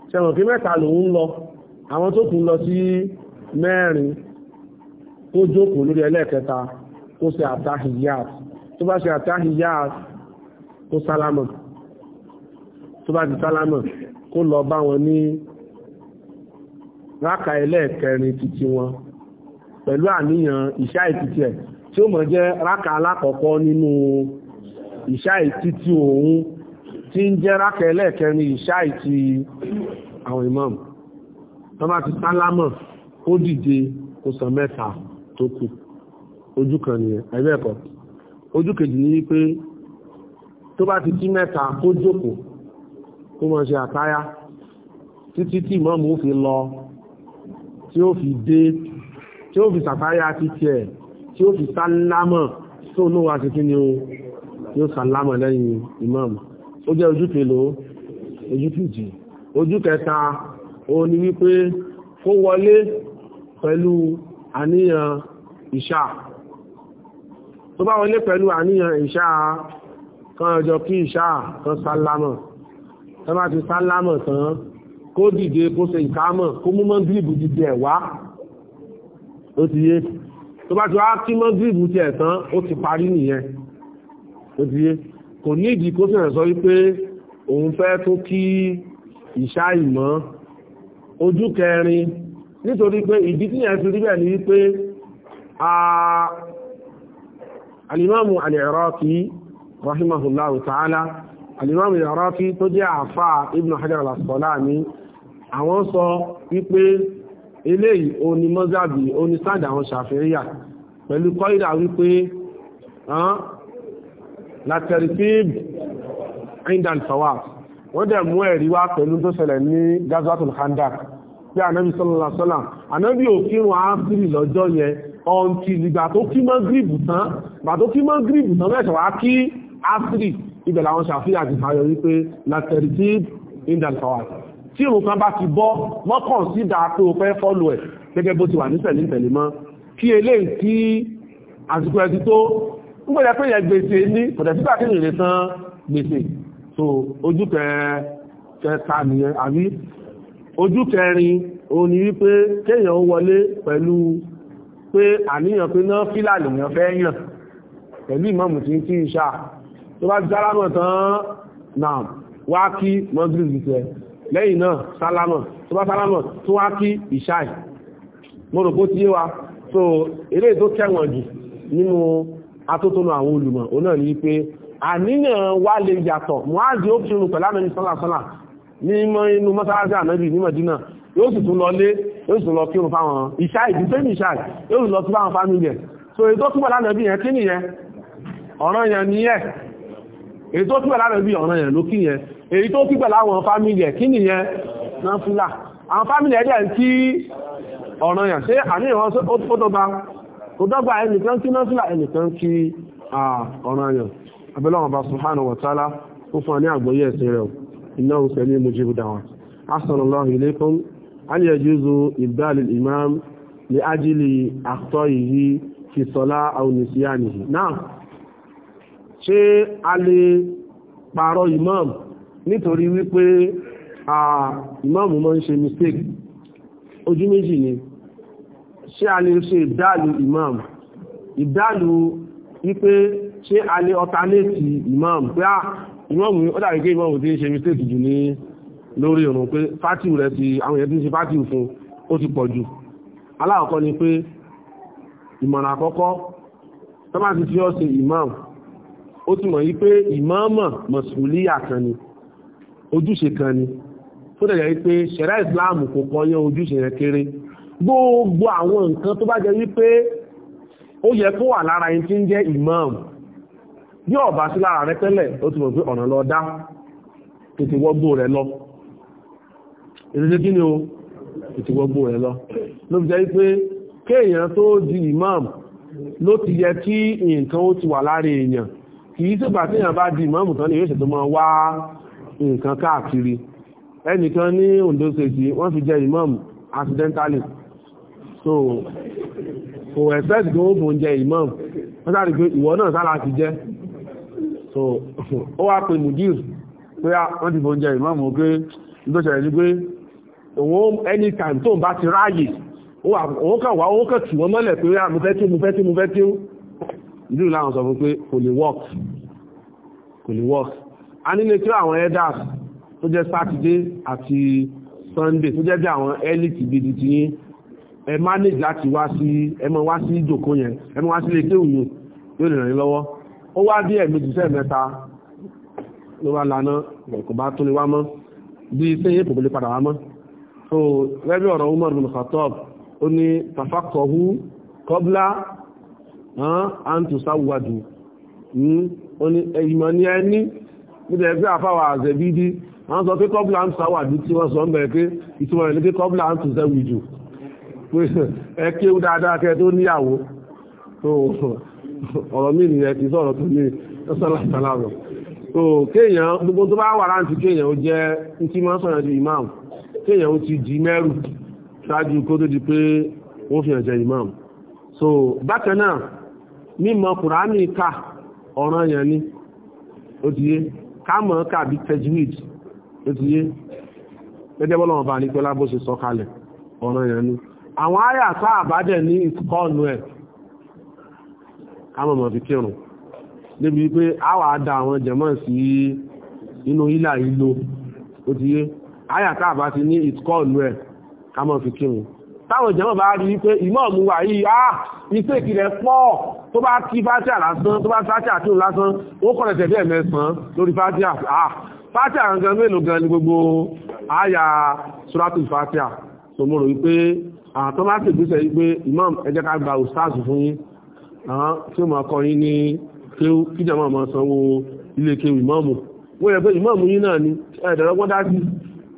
ṣẹ̀wọ̀n kí mẹ́ta mẹ́rin kó jókòó lórí ẹlẹ́ẹ̀kẹta kó ṣe àtàhìyàt tó bá ṣe àtàhìyàt kó sálámà tó bá ti sálámà kó lọ bá wọn ní ráka ẹlẹ́ẹ̀kẹrin títí wọn pẹ̀lú àníyàn ìṣá ìtìtì ẹ̀ tí ó mọ̀ jẹ́ ráka alákọ̀ọ́kọ́ nínú ìṣá ìtìtì òun tí ń jẹ́ ráka ẹlẹ́ẹ̀kẹrin ìṣá ìtì àwọn imam tó bá ti sálámà kó dìde kó sọ mẹ́ta tó kù ojú kan nìyẹn ẹgbẹ́ẹ̀kọ́ ojú kejì ní wípé tó bá ti kí mẹ́ta kó jókòó kó mọ̀ ṣe àtáyá títí tí ìmọ̀mù fi lọ tí ó fi dé tí ó fi sàtáyá títí ẹ̀ tí ó fi sálámọ̀ tó olówó àti kí ni o yóò sálámọ̀ lẹ́yìn ìmọ̀mù ó jẹ́ ojú kelo ojú kejì ojú kẹta òun ni wípé kó wọlé pẹ̀lú àníyàn ìṣà tó bá wọlé pẹ̀lú àníyàn ìṣà kan ọjọ́ kí ìṣà kan sálámọ̀ tó bá ti sálámọ̀ tán kó dìde kó ṣe ìkámọ̀ kó mú mọ́ gíríbù dìde ẹ̀ wá ó ti yé tó bá ti wá kí mọ́ gíríbù ti ẹ̀ tán ó ti parí nìyẹn ó ti ojú kẹrin nítorí pé ìdí tí yẹn fi rí bẹ́ẹ̀ ni wípé alìmọ́mù alìrọ́kì rahimahullahu ta'ala alìmọ́mù alìrọ́kì tó jẹ́ àfà ibn hajar al-asqalani àwọn sọ wípé eléyìí oní mọ́sàbí oní sáàdà àwọn ṣàfihíyà pẹ̀lú kọ́ìdà wípé látẹ̀rìtíb indal wọ́n dẹ̀ mú ẹ̀rí pẹ̀lú tó ṣẹlẹ̀ ní gazwatul khandak pé ànábì sọ́lọ́lá sọ́lá ànábì ò kírun áfírì lọ́jọ́ yẹn ọ̀ǹtì ìgbà tó kí mọ́ gírìbù tán ìgbà tó kí mọ́ gírìbù tán mẹ́sàn wá kí áfírì ibẹ̀ làwọn ṣàfihàn ti fàyọ wípé látẹ̀rì tí indal power tí òun kan bá ti bọ́ mọ́kàn sí dáa pé o fẹ́ fọ́lù ẹ̀ gẹ́gẹ́ bó ti wà ní tẹ̀lé tẹ̀lé mọ́ kí eléyìí kí ojú kẹrin òun ni wípé kéèyàn wọlé pẹ̀lú pé àníyàn pé náà fílà lèèyàn fẹ́ yàn pẹ̀lú ìmọ̀mù tí ń kí ìṣà tó bá sálámọ̀ tán náà wá kí mọ́gírìsì tẹ lẹ́yìn náà sálámọ̀ tó bá sálámọ̀ tó wá kí ìṣà mo rò bó ti yé wa so eré tó kẹwọ̀n jù nínú atótónú àwọn olùmọ̀ òun náà ni wípé àníyàn wá lè yàtọ̀ mọ́ ní inú mọ́sálásí ànábì ní Mẹ̀dínà yóò sì tún lọ lé yóò sì lọ kí wọn fáwọn ìṣá ìdíṣẹ́ ní ìṣá yóò sì lọ sí fáwọn fámìlì ẹ̀ so èyí tó túbọ̀ lánàbí yẹn kí nìyẹn ọ̀ràn yẹn nìyẹn èyí tó túbọ̀ lánàbí ọ̀ràn yẹn ló kí yẹn èyí tó túbọ̀ láwọn fámìlì ẹ̀ kí nìyẹn náà fúlà àwọn fámìlì ẹ̀dẹ̀ ń kí ọ̀ràn yẹn ṣé àníyàn ó dọ́gba kò dọ́gba ẹnìkan kí náà fúlà ẹnìkan kí ọ̀ràn yẹn abẹ́lọ́wọ̀n bá subhanahu wa ta'ala ó fún ọ ní àgbọ́yé ẹ̀sìn rẹ̀ o إنه سميع مجيب الدعوات أحسن الله إليكم هل يجوز إبدال الإمام لأجل أخطائه في الصلاة أو نسيانه نعم ṣé a lè pààrọ̀ imam nítorí wípé à imam mọ́ ń ṣe mistake ojú méjì ni ṣé a lè ṣe ìbdáàlù imam ìbdáàlù wípé ṣé a lè ọ̀tánẹ́tì imam pé ìmọ̀mù ó dàbí pé ìmọ̀mù ti ń ṣe mistake jù ní lórí ìrùn pé fátíù rẹ̀ ti àwọn èèyàn ti ń ṣe fátíù fún ó ti pọ̀ jù aláàkọ́ ni pé ìmọ̀ràn àkọ́kọ́ tó ti fi ọ́ ṣe imam ó ti mọ̀ yí pé ìmọ̀ọ́mọ̀ mọ̀sùlíyà kan ni ojúṣe kan ni tó dẹ̀ jẹ́ wípé ṣẹ̀rá islam kò kọyán ojúṣe imam bí ọ̀bá sí lára rẹ tẹ́lẹ̀ ó ti mọ̀ pé ọ̀nà lọ dá tètè wọ́gbó rẹ lọ ètètè kí ni o tètè wọ́gbó rẹ lọ ló fi jẹ́ pé kéèyàn tó di imam ló ti yẹ kí nǹkan ó ti wà lára èèyàn kì í sígbà téèyàn bá di imam tán ni yóò ṣètò máa wá nǹkan káàkiri ẹnìkan ní Ondo State wọ́n fi jẹ imam accidentally so kò ẹ̀sẹ̀ tí ó fún jẹ imam wọ́n sáré pé ìwọ náà sára ti jẹ́ so ó wá pè mudir pé wọ́n ti fòúnjẹ ìmáàmù pé tó ṣẹlẹ̀ ní pé òun anytime tó ń bá ti ráyè òun kàn wá òun kàn tì wọ́n mọ́lẹ̀ pé mo fẹ́ tí mo fẹ́ tí mo fẹ́ tí ó ìdúró láwọn sọ fún pé kò work kò lè work a nílé tí àwọn elders tó jẹ́ Saturday àti Sunday tó jẹ́ bí àwọn elite gidi ti yín manage láti wá sí ẹ mọ wá sí ìjòkó yẹn ẹ mọ wá sí ilé kéwù yẹn yóò lè ràn yín ó wá bí ẹ̀mejì sẹ́ mẹ́ta ló wá lana kò bá tún ni wá mọ́ bí sẹ́yìn èpò lè padà wá mọ́ so rẹ́bí ọ̀rọ̀ Umar bin Khattab ó ní tafakọ̀hu kọ́blá àǹtùsáwùwàdù ah, hmm? ó ní ìmọ̀ ní ẹni níbi ẹgbẹ́ àfáwà àzẹ̀bídí wọ́n sọ pé kọ́bùlà ń sáwà ní tí wọ́n sọ ń bẹ̀rẹ̀ pé ìtumọ̀ rẹ̀ ní pé kọ́bùlà ń tùzẹ́ ọ̀rọ̀ mi nìyẹn kì í tó ní kéèyàn gbogbo tó bá wà kéèyàn jẹ́ ní tí sọ̀rọ̀ imam kéèyàn ti di mẹ́rù ṣáájú kó tó di pé wọ́n fi ẹ̀jẹ̀ imam so bákan náà kùránì ká ọ̀ràn yẹn ni ó ti yé kámọ̀ ó ti yé gẹ́gẹ́ ọba ní pẹ́lá bó ṣe sọ kalẹ̀ àwọn àyà sáà kámọ̀mọ̀ fi kírun débi pé a wà dá àwọn jẹ̀mọ́ sí inú ilà ìlò ó ti yé ayàtà bá ti ní ìtkọ́ọ̀lù ẹ̀ kámọ̀ fi kírun táwọn jẹ̀mọ́ bá rí wípé ìmọ̀ọ̀mù wà yìí á iṣẹ́ ìkìlẹ̀ pọ̀ tó bá kí fátíà lásán tó bá fátíà tí ó lásán ó kọ̀rẹ̀ tẹ̀lé ẹ̀mẹ́sàn lórí fátíà àà fátíà gangan mélòó gan ni gbogbo àyà suratu fátíà wípé àtọ́mátì gbéṣẹ̀ ká gba ustaz fún yín tí ó máa kọ́ yín ní kéwú kíjà máa máa sanwó ilé kéwú ìmáàmù wọ́n yẹ pé ìmáàmù yín náà ni ẹ̀ẹ́dẹ̀rọ́gbọ́n dá sí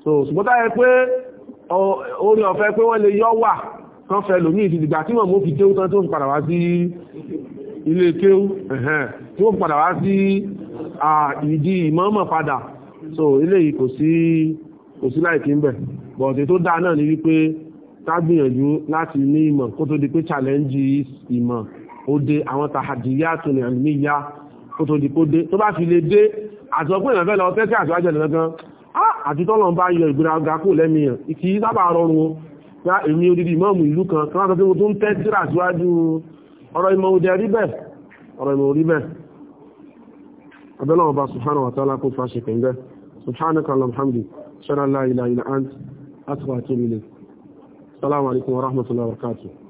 so ṣùgbọ́n táyẹ pé orí ọ̀fẹ́ pé wọ́n lè yọ́ wà kan fẹ́ lòmí ìdìdìgbà tí wọ́n mú fi kéwú tán tó ń padà wá sí ilé kéwú tí wọ́n padà wá sí ìdí ìmáàmù padà so ilé yìí kò sí kò sí láìpín ń bẹ̀ bọ̀dé tó dáa náà ni wípé ká gbìyànjú láti ní ìmọ̀ kó tó di pé challenge ìmọ̀ ó dé àwọn tàhàdìyà tó ní àmìyà ó tó di kó dé tó bá fi lè dé àtọ́pọ̀ ìrànfẹ́ lọ tẹ́tẹ́ àtúwájẹ́ lọ́gán àti tọ́lọ̀ bá yọ ìgbéraga kó lẹ́mìyàn kì í sábà rọrùn o pé èmi odidi ìmọ̀ọ̀mù ìlú kan kan wọ́n sọ pé mo tó ń tẹ́ tíra síwájú ọ̀rọ̀ ìmọ̀ òde rí bẹ́ẹ̀ ọ̀rọ̀ ìmọ̀ orí bẹ́ẹ̀ abẹ́lọ́wọ̀n bá subhanahu wa ta'ala kó fàṣẹ kẹ̀ǹgẹ́